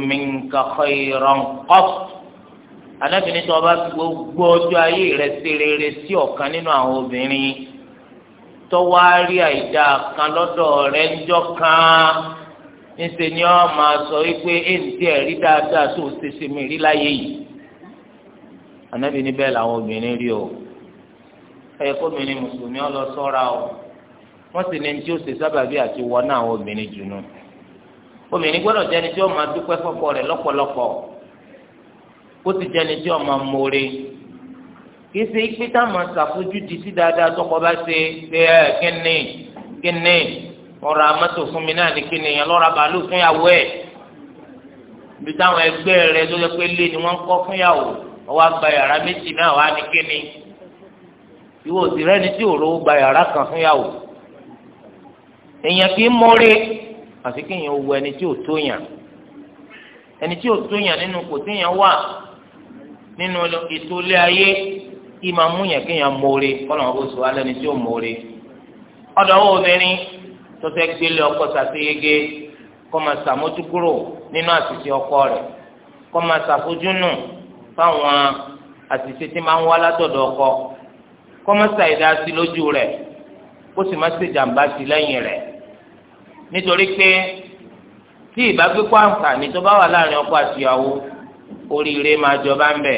anábìnrin tí wọn bá fi gbogbo ọjọ́ ayé rẹ̀ ṣe rere sí ọ̀kan nínú àwọn obìnrin tọwọ àárí àìdá kan lọ́dọ̀ rẹ̀ ńjọ́ kan níṣẹ ni wọn máa sọ wípé èyí ẹrí dáadáa tó ṣe ṣe mí rí láyé yìí anábìnrin bẹ́ẹ̀ làwọn obìnrin rí o ẹyẹ kóbìnrin mùsùlùmí ọlọ ṣọ́ra o wọn sì ní ní tí ó ṣe sábàbí àti wọ àwọn obìnrin jùlọ obìnrin gbọ́dọ̀ jẹ ẹni tí ó máa dúpẹ́ fọ́kọ rẹ̀ lọ́pọ̀lọpọ̀ kó ti jẹni tí ọmọ mòre kìí ṣe ikpe tá a máa ṣàfojú di sí dáadáa tọkọ bá ṣe ṣe ẹ kíni kíni ọ̀rọ̀ amátò fún mi náà ní kíni yẹn lọ́ra bàálù fún yàwó ẹ̀ ibi táwọn ẹgbẹ́ rẹ tó lè pé lé ni wọ́n ń kọ́ fún yàwó ọwọ́ àgbà yàrá méjì náà wà ní kíni ìwọ òsì rẹ ni tí òró gba yàrá kan fún yàwó èèyàn kì í mọ́rí àfi kéèyàn wo ẹni tí ò tó yàn ẹni tí ò tó yàn nínú kò téèyàn wà nínú ètò ilé ayé ìmọ̀ múyàn kéèyàn mòore kọ́nà wọn kò sọ ni tí ó mòore ọ̀dọ̀ wo obìnrin tó fẹ́ gbélé ọkọ sàṣeyege kó máa ṣàmójúkúrò nínú àṣìṣe ọkọ rẹ̀ kó máa ṣàfojúnù fáwọn àṣìṣe tí máa ń wá látọ̀dọ̀ ọkọ kó máa ṣàìdá sí lójú rẹ̀ kó sì máa ṣèjàmbá sí lẹ́yìn rẹ̀ nítorí pé tí ìbágbépọ̀ àǹfààní tó bá wà láàrin ọkọ àti oríire máa jọba ń bẹ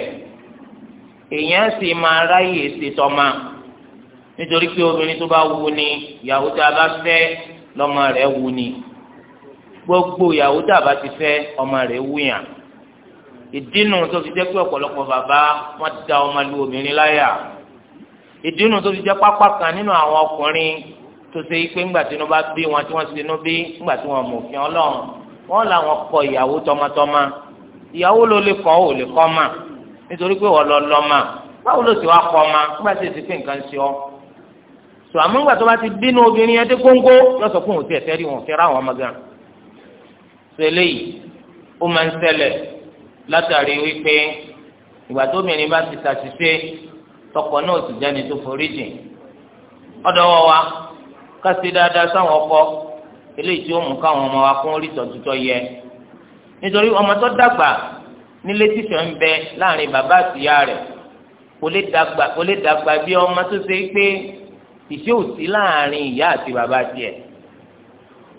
èèyàn sì máa ráyè ṣètọ́ ma nítorí pé obìnrin tó bá wu ni ìyàwó tá a bá fẹ́ lọ́mọ rẹ̀ wu ni gbogbo ìyàwó tá a bá ti fẹ́ ọmọ rẹ̀ wúyàn ìdínú tó fi jẹ́ pé ọ̀pọ̀lọpọ̀ bàbá wọn da ọmọ lu obìnrin láyà ìdínú tó fi jẹ́ pápá kan nínú àwọn ọkùnrin tó ṣe pé ńgbà tí wọn bá bí wọn tí wọn ṣe inú bí ńgbà tí wọn mọ̀ òfin ọlọ́run wọn làwọn kọ ìyàwó tọmọtọmọ ìyàwó ló lè kọ́ ò lè kọ́ mà nítorí pé wọ́n lọ lọ mà báwo ló ti wá kọ́ mà nígbà tí èsì pé nǹkan ṣe ọ́ tó àmọ́ nígbà tó bá ti bínú obìnrin yẹn dé góńgó lọ́sọ̀ fún òun ti ẹ̀fẹ́ rí wọn fẹ́ ra àwọn ọmọ gan tó eléyìí ó máa ń ṣẹlẹ̀ látàrí wípé ìgbà tó obìnrin bá ti ṣàṣìṣe tọkọ náà sì jẹ́ni tó forí ọ̀dọ̀ wọ wa ká sáwọn ọkọ eléyìí tí ó mú káwọn ọmọ wa kún orí ìtọ́jú tó yẹ nítorí ọmọ tó dàgbà nílé tìṣọ ń bẹ láàrin bàbá àtìyá rẹ̀ kò lè dàgbà kò lè dàgbà bí ọmọ tó ṣe pé ìṣe òsì láàrin ìyá àti bàbá tiẹ̀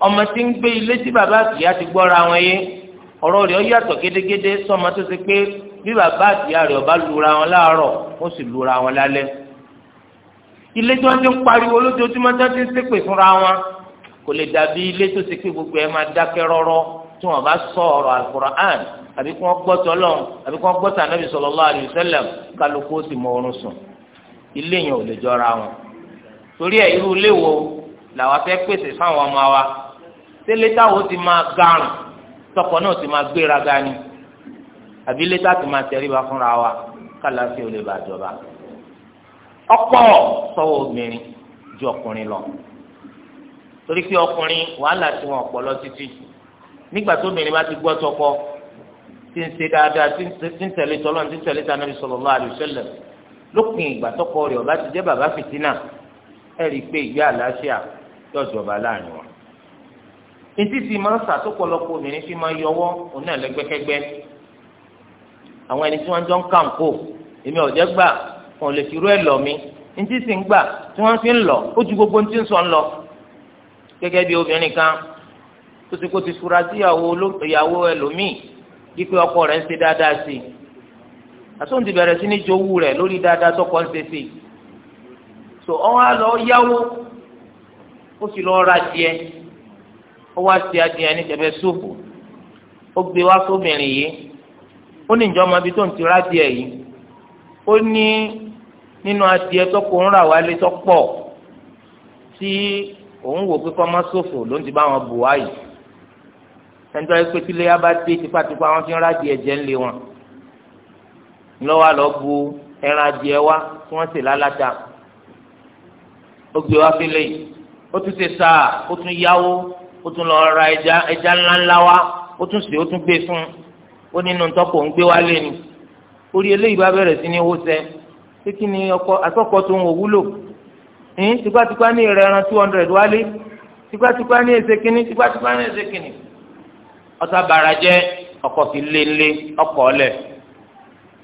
ọmọ tí ń gbé ilé tí bàbá àtìyá ti gbọ́ra wọn yé ọ̀rọ̀ rẹ̀ ó yàtọ̀ gédégédé sọmọ tó ṣe pé bí bàbá àtìyá rẹ̀ ọba lura wọn láàárọ̀ ó sì lura wọn lálẹ́ ilé tí wọ́n ti ń pariwo lójoojúmọ́ tí wọ́n ti ń ṣépè fúnra wọn kò lè dàbí ilé tó ṣe pé gbogbo tí wọn bá sọ ọ̀rọ̀ alukur'an àbí kí wọn gbọ́ tọlọ́n àbí kí wọn gbọ́ tànàbí sallallahu alaihi wasallam kálukú ó sì mọ oorun sùn ilé yẹn ò lè jọra wọn torí ẹ irú ilé wo làwọn fẹ́ pèsè fáwọn ọmọ wa tẹ́lẹ̀ táwọn ti máa garùn tọkọ náà ti máa gbéra gani àbí ilé táwọn ti máa tẹríba fúnra wa kálàfi ò lè bàjọba ọ̀pọ̀ sọ́wọ́ obìnrin ju ọkùnrin lọ torí pé ọkùnrin wàhálà tí wọn ọpọlọ títí nígbà tó obìnrin bá ti gbọ́ tọkọ tí ń ṣe dáadáa tí ń tẹ̀lé tọ́lọ́ tí ń tẹ̀lé tànàbí sallallahu alaihi wasallam lópin ìgbà tọkọ rẹ̀ ọba ti jẹ́ bàbá fìtínà ẹ̀ rí i pé ìgbé àlàáfíà yọjọba láàrin wọn. etí ti máa ń sàtọ́pọ̀lọpọ̀ obìnrin fi máa yọwọ́ òun náà lẹ́gbẹ́kẹ́gbẹ́ àwọn ẹni tí wọ́n jọ ń kà ń kó èmi ọ̀jẹ́ gbà wọn ò lè fi rú ẹ̀ lọ mi etí sì ń gbà tí wọ́n fi ń lọ ó ju gbogbo ohun tí ń sọ ń lọ gẹ́gẹ́ bí obìnrin kan tó ti kó ti fura sí ìyàwó ẹlòmíì wípé ọkọ rẹ̀ ń ṣe dáadáa sí i àtúntì bẹ̀rẹ̀ sí ní jowú rẹ̀ lórí dáadáa tọkọ ń ṣe sí i so ọwọ́ àlọ́ yáwó ó sì lọ́ọ́ ra díẹ̀ ó wá sí adìẹ ní tẹ̀fẹ́ sóòpù ó gbé wá sóbìnrin yìí ó ní ìjọba ibi tó ń ti ra díẹ̀ yìí ó ní nínú adìẹ tọkọ ń rà wálé tọpọ̀ tí òun wò pé kọ́ máa sófò ló ń ti bá wọn bù wáyìí ẹni tó yẹ pé tílé yá bá dé tipátipá wọn fi ń rájì ẹ̀jẹ̀ ńlẹ̀ wọn ńlọ́wọ́ àlọ́ bu ẹran adìẹ wa tí wọ́n sì lálàta ó gbé wá fílẹ̀ yìí ó tún ṣe sáà ó tún yáwó ó tún lọ ra ẹja ẹja ńláńlá wa ó tún sè ó tún gbé fún un ó nínú tọ́pọ̀ ń gbé wá lé ni orí eléyìí bá bẹ̀rẹ̀ sí ní owó sẹ́ pé kí ni ọkọ àtọ́kọ tó ń wò wúlò ní tipátipá ní ìrẹ̀ràn two hundred wálé tipátipá ní èsèkínní tipátipá ní èsèkínní ọ̀sà bàrà jẹ́ ọkọ̀ fi lé ńlé ọkọ̀ ọ̀lẹ̀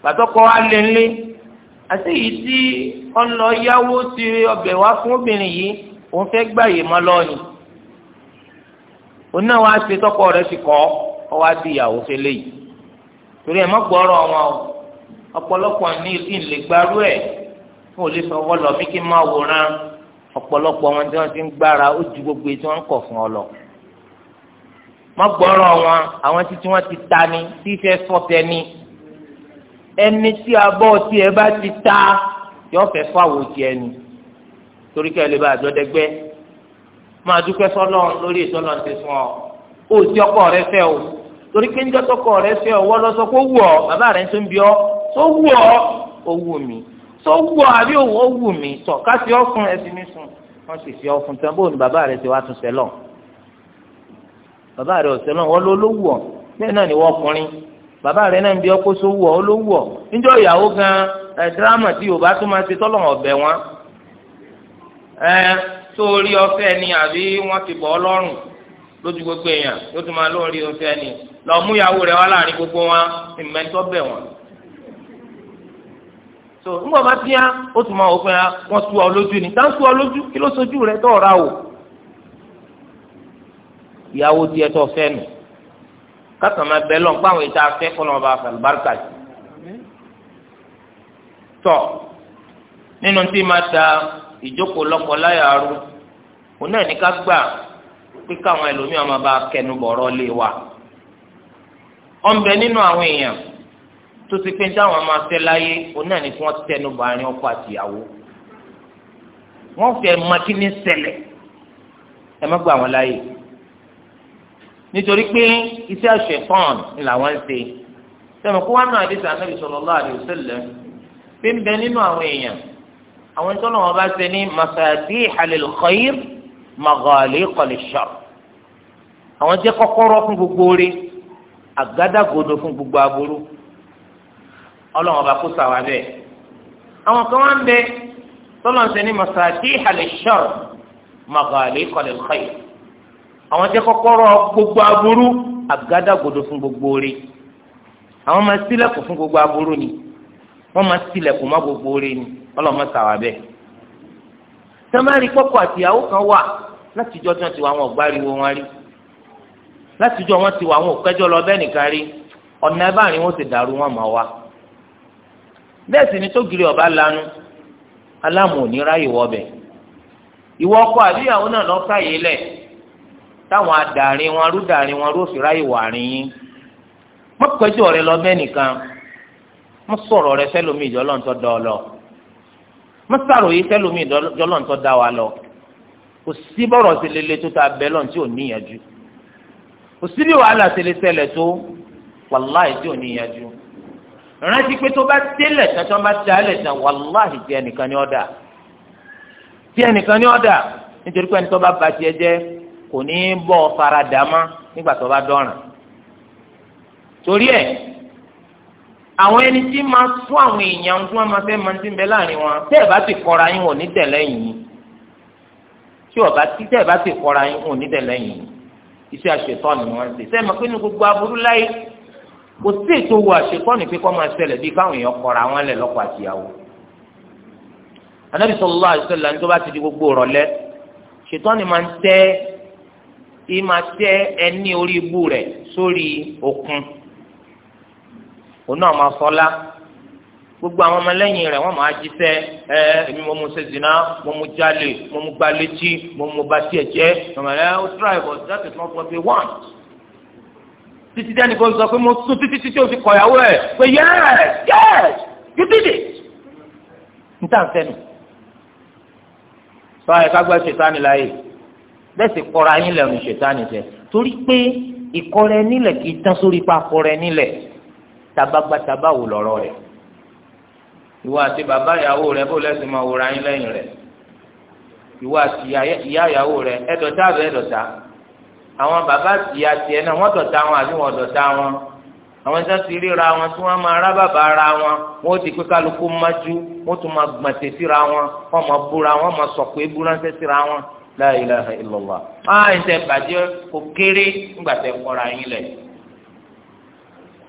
pàtọ́kọ̀ wa lé ńlé àti èyí tí ọ̀nà yáwó ti ọbẹ̀ wá fún obìnrin yìí òun fẹ́ gbàyè mọ́ lọ́ọ̀nì òun náà wá ṣe tọkọ rẹ̀ ti kọ́ ọ wá di ìyàwó fẹ́lẹ́ yìí torí ẹ̀ mọ́gbọ́rọ̀ wọn o ọ̀pọ̀lọpọ̀ ní ìlè gbarú ẹ̀ fún òlé sọ lọ mí kí n máa wòran ọ̀pọ̀lọpọ̀ wọn tí wọ́n ti ń gbára ó ju gbogbo èyí tí wọ́n fún ọ lọ má gbọ́rọ̀ wọn àwọn títí wọn ti ta ni tí fẹ́ fọ́tẹ ni ẹni tí abọ́ tiẹ̀ bá ti ta yọ fẹ́ fáwọ́ tiẹ̀ ni torí kẹ́ ẹ lè bá àjọdẹgbẹ́ máa dúpẹ́ sọ́lọ́ lórí ìtọ́lọ́ ti fún ọ ó ti ọkọ rẹ fẹ́ o torí pé níjọ́ tọkọ rẹ fẹ́ ọ wọ́n lọ sọ pé ó wù ọ bàbá rẹ tó ń bí ọ tó wù ọ ó wù mí tó wù ọ àbí ó wù mí tọ̀ ká fi ọ fún ẹ fi mí fún wọn sì fi ọ fún tán bóun bàbá rẹ ti wá tún sẹ́lọ̀ bàbá rẹ̀ ọ̀sẹ̀ náà wọ́n ló ló wù ọ́ bẹ́ẹ̀ náà ni wọ́n ọkùnrin bàbá rẹ̀ náà ń bí ọkọ sówù ọ́ ló wù ọ́ níjọ́ ìyàwó gan ẹ̀ dírámà tí yorùbá tó máa ṣe tọ́lọ̀ ọ̀bẹ wọn ẹ̀ sórí ọ̀fẹ́ ni àbí wọ́n ti bọ̀ ọ́ lọ́rùn lójú gbogbo èèyàn yóò tún máa lórí ọ̀fẹ́ ni lọ mú ìyàwó rẹ̀ wá láàrin gbogbo wọn ìmẹ́ntọ́ bẹ̀ wọn so ńgbọ̀n bá tíyà ó tún máa wò pé ah, wọ́n sú ọ lójú ni tá ń sú ọ lójú kí ló sojú rẹ̀ tọ̀ ra ìyàwó tiẹ̀ tó fẹ́ nù kàkà máa bẹ lọ́n pàwọn ìta fẹ́ kọ́nà ọba àfàlùbáríkà sí. tọ́ nínú tí máa da ìjókòó lọ́kọ láyà arú òun náà ní ká gbà pé káwọn ẹlòmíràn máa bá kẹnu bọ̀rọ̀ lé wa. ọ̀nbẹ nínú àwọn èèyàn tó ti pé táwọn máa fẹ́ láyé òun náà ní kí wọ́n tẹnu bọ̀ àárín ọkọ àtìyàwó. wọ́n fẹ́ makíní ṣẹlẹ̀ ẹ má gbà wọn láyè nítorí pé iṣẹ́ àṣepọ́n ni làwọn ń ṣe sẹ́mi kó wá náà àdìsí anábì sallallahu alaihi wasallam pé ń bẹ nínú àwọn èèyàn àwọn tó náà wọn bá ṣe ní mafatiha lil khair maghaliqa lishar àwọn jẹ́ kọ́kọ́rọ́ fún gbogbo oore àgádágodo fún gbogbo aburú ọlọ́wọ́n bá kó sàwà bẹ́ẹ̀ àwọn kan wá bẹ tọ́lọ̀ ṣe ní mafatiha lishar maghaliqa lil khair àwọn jẹ́ kọ́kọ́rọ́ gbogbo aburú àgádágodo fún gbogbo oore àwọn máa ṣílẹ̀kùn fún gbogbo aburú ni wọ́n máa ṣílẹ̀kùn má gbogbo oore ni ọlọ́run máa sàwà bẹ́ẹ̀. sẹ́mẹ́rì kọ́kọ́ àtìyàwó kan wà látijọ́ tí wọ́n ti wà wọn ọ̀gbá ariwo wọn rí látijọ́ wọn ti wà wọn òkẹ́jọ́ lọ bẹ́ẹ̀ nìkan rí ọ̀nà ẹ̀ wọn ti dàrú wọn mọ̀ wá. bẹ́ẹ̀ sì ni tó giri ọ̀bá lanu aláàmù ò ní ráyè wọ táwọn adarí wọn arúdarí wọn ló fi ráyè wà rìn yín mọ pẹjọ rẹ lọ mẹnìkan mọ sọ̀rọ̀ rẹ sẹlómi ìjọlọńtọ dọ ọ lọ mọ sàròyé sẹlómi ìjọlọńtọ dá wa lọ kò sí bọrọ sí lele tó ta bẹ lọ́n tí ò níyànjú kò sí bí wàhálà sí lè ṣẹlẹ̀ tó wàláhì tí ò níyànjú rántí pé tó bá délẹ̀ tán tó bá dálẹ̀ tán wàláhì tí ẹnìkan ní ọ̀dà tí ẹnìkan ní ọ̀dà nítorí pé ẹni tó bá ba tiẹ̀ jẹ́ kò ní í bọ́ ọ fara dà mọ́ nígbà tó bá dọ̀ràn torí ẹ̀ àwọn ẹni tí máa sún àwọn èèyàn tí wọ́n máa fẹ́ máa ti ń bẹ láàrin wọn tẹ́ ẹ̀ bá ti kọ́ra yín wọ́n ní tẹ̀lé yìí tí ọba tí tẹ́ bá ti kọ́ra yín wọ́n ní tẹ̀lé yìí iṣẹ́ àṣetọ́ ni wọ́n ṣe sẹ́mi pé gbogbo aburú láyé kò sí ètò wo àṣetọ́ ni pé kọ́ máa ṣẹlẹ̀ bí káwọn èèyàn kọ́ra wọn lẹ̀ lọ́kọ àtìyàwó Ànábì sallallahu alaihi wasallam tó bá ti di gbogbo rọ̀lẹ́ ṣetọ́ ni máa ń ìmà tẹ ẹni orí ibu rẹ̀ sórí òkun òun náà máa fọlá gbogbo àwọn ọmọlẹ́yìn rẹ̀ wọ́n máa jíṣẹ́ ẹ èmi mo mu ṣe mo mu jalè mo mu gba mo mu ba tiẹ̀ jẹ́ ọmọlẹ́ ó try but that is not what we want títí dání kò sọ pé mo sún títí títí o fi kọ̀yàwó ẹ̀ pé yes yes you did it n tàn fẹ́ nu sọ àyẹ̀ká gbọ́ ṣètánì láàyè lẹ́sìn kọ́ra yín lẹ́nu ṣètánì jẹ torí pé ìkọrẹ nílẹ̀ kì í tán sórí pa kọrẹ nílẹ̀ tabagbàtabà wò lọ́rọ̀ rẹ̀ ìwọ àti bàbá ìyàwó rẹ̀ bó lẹ́sìn máa wòra yín lẹ́yìn rẹ̀ ìwọ àti ìyá ìyàwó rẹ̀ ẹ̀dọ̀tà àbẹ̀ ẹ̀dọ̀tà àwọn bàbá àti ìyá tiẹ̀ náà wọ́n dọ̀tà wọn àbí wọ́n dọ̀tà wọn àwọn ẹ̀sán ti ríra wọn tí wọ́n máa rá bàbá ara wọn wọ́n ti pé kálukú májú wọ́n tún máa gbọ̀ntẹ̀ síra wọn wọ́n máa búra wọ́n máa sọ̀kò ébúránṣẹ́ síra wọn. la ilaha illallah ah ẹsẹ bàjẹ́ kò kéré kọra yín lẹ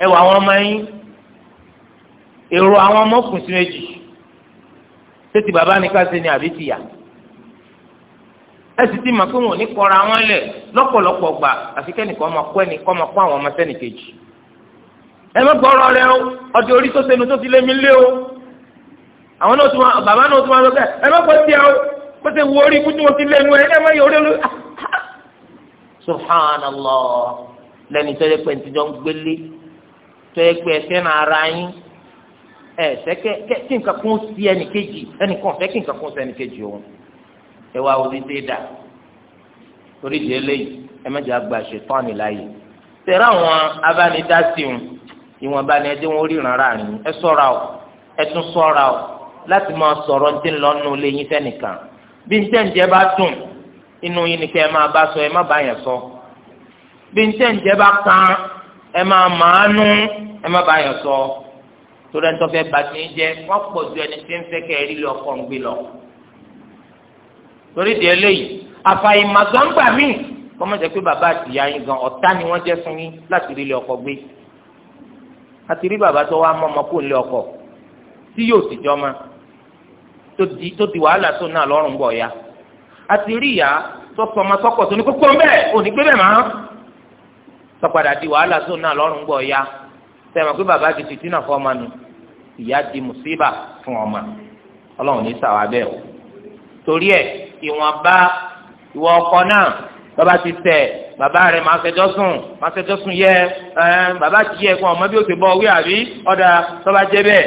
ẹ àwọn ọmọ yín èrò àwọn ọmọ kùn sí méjì bàbá ni ká ni àbí ẹ sì ti mọ̀ pé wọn ò ní kọra wọn lẹ lọ́pọ̀lọpọ̀ gbà àfi ọmọ kọ́ ẹnì ọmọ kọ́ àwọn ọmọ sẹ́nì kejì ẹ má gbọ́rọ̀ rẹ o orí bó ṣe wo orí kútu wọn ti lẹ́nu ẹ̀ ẹ̀ máa orí olú. subhanallah lẹ́ni tó pé ti jọ ń gbélé tó pé ẹsẹ̀ náà ra yín ẹsẹ̀ kẹ́ kí nǹkan kún sí ẹnì kejì ẹnì kan fẹ́ kí nǹkan kún sí ẹnì kejì òun ẹ wá orí dé dà orí dé léyìí ẹ àgbà láàyè tẹ̀rẹ́ àwọn abánidásí wọn ni ẹdín wọn ríran ara rìn ẹ ṣọ́ra o ẹ tún ṣọ́ra o láti máa sọ̀rọ̀ ní ti lọ́nu bí ntẹ̀njẹ bá dùn inú yín ni kẹ́ ẹ máa bá sọ ẹ má bá yẹn sọ bí ntẹ̀njẹ bá kan ẹ máa máa nú ẹ má bá yẹn sọ torí ẹni tó fẹ́ bá ń jẹ wọ́n pọ̀ ju ẹni tí ń fẹ́ rí lọ ọkọ̀ ń gbé lọ torí di eléyìí àfàìmàgbàǹgbà míì kọ́mọ pé bàbá àtìyá yín gan ọ̀tá ni wọ́n jẹ́ fún yín láti rí ilé ọkọ gbé àti rí bàbá tó wá mọ́ ọmọ kó ilé ọkọ tí yóò tó di wàhálà tó náà lọ́rùn bọ̀ ya àti rí ìyá tó sọmọ sọkọ tó ní kókó ń bẹ́ẹ̀ òní gbé bẹ́ẹ̀ máa sọpadà di wàhálà tó náà lọ́rùn bọ̀ ya sẹ́wọ̀n pé bàbá ti tìtì náà fọ́ ọmọ nu ìyá di mùsíbà fún ọmọ ọlọ́run ní sàwọn abẹ́ o torí ẹ̀ ìwọ̀nba ìwọ ọkọ náà bàbá ti tẹ̀ bàbá rẹ̀ máa fẹjọ́ sùn máa fẹjọ́ sùn yẹ ẹ bàbá ti yẹ kó ọmọ bí ó ti bọ̀ wí àbí ọ̀dà tọ́ba jẹ́ bẹ́ẹ̀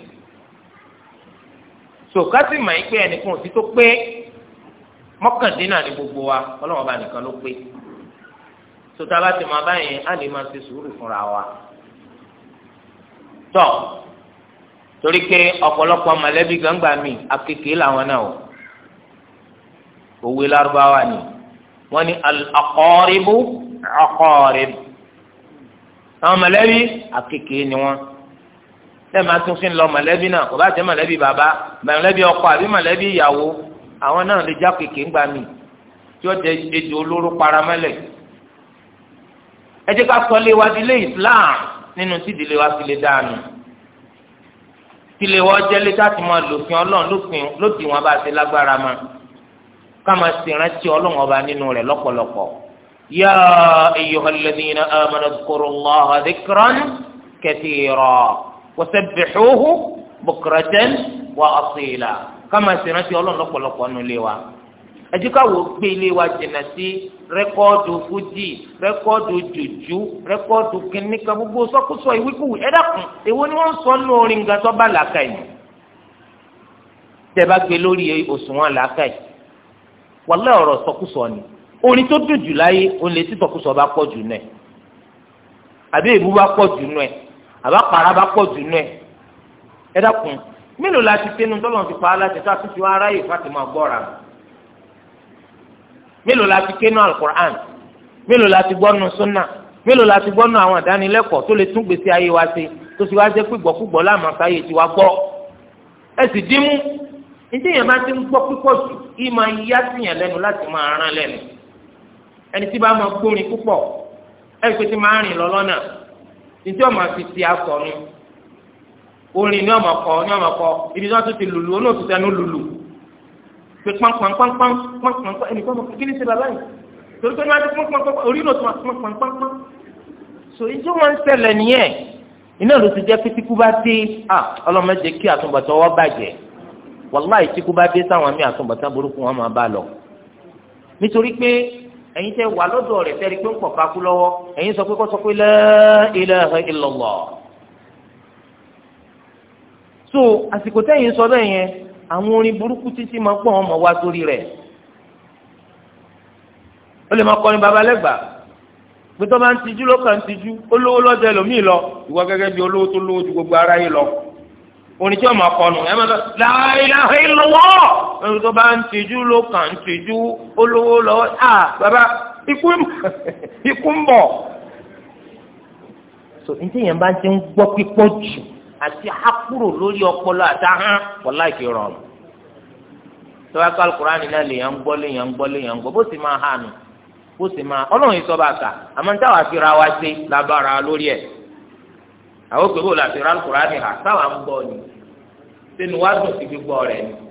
sòkásì mà yín pé ẹnìkan òsì tó pé mọ́kàndínlá ni gbogbo wa ọlọ́wọ́n bá nìkan ló pé sòtá bá ti máa báyìí á lè máa ṣe sùúrù fúnra wa tọ́ torí pé ọ̀pọ̀lọpọ̀ mọ̀lẹ́bí gbangba mi akékèé làwọn náà òwe lárúbáwá ni wọ́n ní al-aqaribu aqarib àwọn mọ̀lẹ́bí akékèé ni wọ́n tẹ́ máa tún fi ń lọ mọ̀lẹ́bí náà kò bá jẹ́ mọ̀lẹ́bí bàbá mọ̀lẹ́bí ọkọ àbí mọ̀lẹ́bí ìyàwó àwọn náà lè já kéèké ńgbà mí tí ó jẹ ejò olóró paramẹ́lẹ̀ ẹ jẹ́ ká sọ lé wa dílé Islam nínú tí ìdílé wa fi lè dáanu tí ilé wa jẹ́ lé láti máa lòfin ọlọ́run lófin lódì wọn bá ti lágbára ma ká máa sì rántí ọlọ́run ọba nínú rẹ̀ lọ́pọ̀lọpọ̀ yá ayyuhalladhina amanu dhkurullaha dhikran kathira wasabbihuhu bukratan wa asila kama sinasi Ọlọ́run lọ́pọ̀lọpọ̀ nù lé wa ẹjú káwọ gbé ilé wa jìnnà sí rẹkọọdù fújì rẹkọọdù jùjú rẹkọọdù kìnnìkan gbogbo sọkúsọ ìwíkúwì ẹ dákun èwo ni wọn sọ nù orin nǹkan tó bá làákà yìí tẹ̀bá gbé lórí òṣùwọ̀n làákà yìí wàlẹ́ ọ̀rọ̀ sọkúsọ ni orin tó dùn jù láyé òun lè tí sọkúsọ bá pọ̀ jù nù ẹ̀ àbí èbú bá pọ̀ jù nù ẹ̀ àbápàrà bá pọ̀ jù nù ẹ̀ ẹ dákun mélòó la ti tẹnu tọ́lọ̀ ti pa á láti ká tuntun ara yìí Fatima gbọ́ra mélòó la ti kénu alukur'an mélòó la ti gbọ́nu sunna mélòó la ti gbọ́nu àwọn àdánilẹ́kọ̀ọ́ tó lè tún gbèsè ayé wa ṣe tó ti wá jẹ́ pé gbọ́kúgbọ́ láàmú sáyé ti wá gbọ́ ẹ sì dín mú ní tíyẹn ti ń gbọ́ púpọ̀ jù kí máa yá síyàn lẹ́nu láti máa rán lẹ́nu ẹni tí bá máa gbórin púpọ̀ ẹ pé ti máa rìn lọ lọ́nà nítorí ọmọ fi ti asọ ni orin ní ọmọ kọ ní ọmọ kọ ibi tí wọn tún ti lùlù ó náà tún sẹnu lùlù pé pánpánpánpán pánpánpán ẹnìkan ọmọ kékeré ṣe bàbá yìí torí pé ní wọn ti pánpánpán orí náà tún wà pánpánpánpán so ìjọ wọn ń ṣẹlẹ̀ nìyẹn iná ló ti jẹ pé tí kú bá dé à ọlọmọdé kí àtúbọ̀tán wọn bàjẹ́ wàláì tí kú bá dé sáwọn mí àtúbọ̀tán burúkú wọn máa bá lọ nítorí pé ẹ̀yin tẹ́ wà lọ́dọ̀ rẹ̀ tẹ́rí pé ń pọ̀ kakú lọ́wọ́ ẹ̀yin sọ pé kọ́ sọ pé la ilaha illallah. so àsìkò tẹ́yìn sọ bẹ́ẹ̀ yẹn àwọn orin burúkú títí máa pọ̀ wọn mọ̀ wá sórí rẹ̀ ó lè máa kọrin babalẹ́gbàá pé tó máa ń tijú lọ́kàn tijú olówó lọ́jọ́ ẹlòmíì lọ ìwọ gẹ́gẹ́ bí olówó tó lówó ju gbogbo ara yìí lọ orin tí wọ́n máa kọ nù ẹ máa sọ la ilaha illallah ẹni tó bá ń tijú ló kàn ń tijú olówó lọ́wọ́ à bàbá ikú ń bọ̀. so ní tí yẹn bá ti ń gbọ́ pípọ̀ jù àti akúrò lórí ọpọlọ àti ahọ́n wọlá ìkè rọrùn tọ́wá ká alukur'ani náà lè yàn gbọ́ lè yàn gbọ́ lè yàn gbọ́ bó sì máa hànú bó sì máa ọlọ́run yìí sọ́ba àkà àmọ́ táwa fi ra wa ṣe lábára lórí ẹ̀ àwọn òkè wò láti ra alukur'ani hà táwa ń gbọ́ ni sínú wá dùn sí gbígbọ́ rẹ̀ ni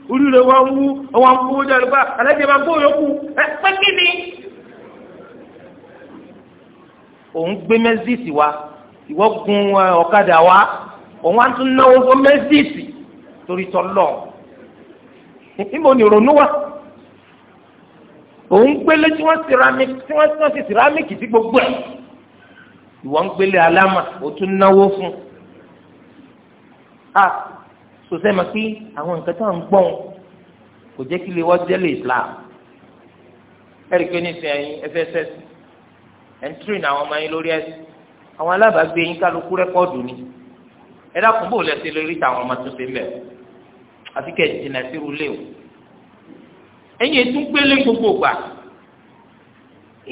orí rẹ̀ wá ń wú ọwọ́ ń kú ọjọ́ ìlúgbà alájẹ máa gbó yòókù ẹ pé kí ni. òun gbé mẹ́sìsì wa ìwọ́ gun ọ̀kadà wa òun á tún náwó fún mẹ́sìsì torí tọ́lọ̀ níbo ni ìrònú wa òun gbélé tí wọ́n siramiki tí wọ́n ti siramiki sí gbogbo ẹ̀ ìwọ́ gbélé aláma ó tún náwó fún. Ah, sọsẹ́ ma pé àwọn nǹkan tó ń gbọ́n kò jẹ́ kí lè wọ́n jẹ́ lè Islam ẹ̀rí pé ní sẹ́yìn ẹfẹ́ sẹ́sì ẹ̀ńtírì ní àwọn ọmọ yín lórí ẹ̀sìn àwọn alábàágbé yín kálukú rẹ́kọ́ọ̀dù ni ẹ dákun bò lẹ́sẹ̀ lórí tàwọn ọmọ tó ń bẹ̀ àti kẹ̀ jìnnà sí rúlé o ẹ̀yin ètò ń gbélé gbogbo gbà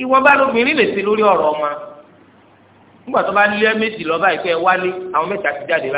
ìwọ bá lóbìnrin lè ṣe lórí ọ̀rọ̀ ọmọ nígbà tó bá lé méjì lọ́ba ìfẹ́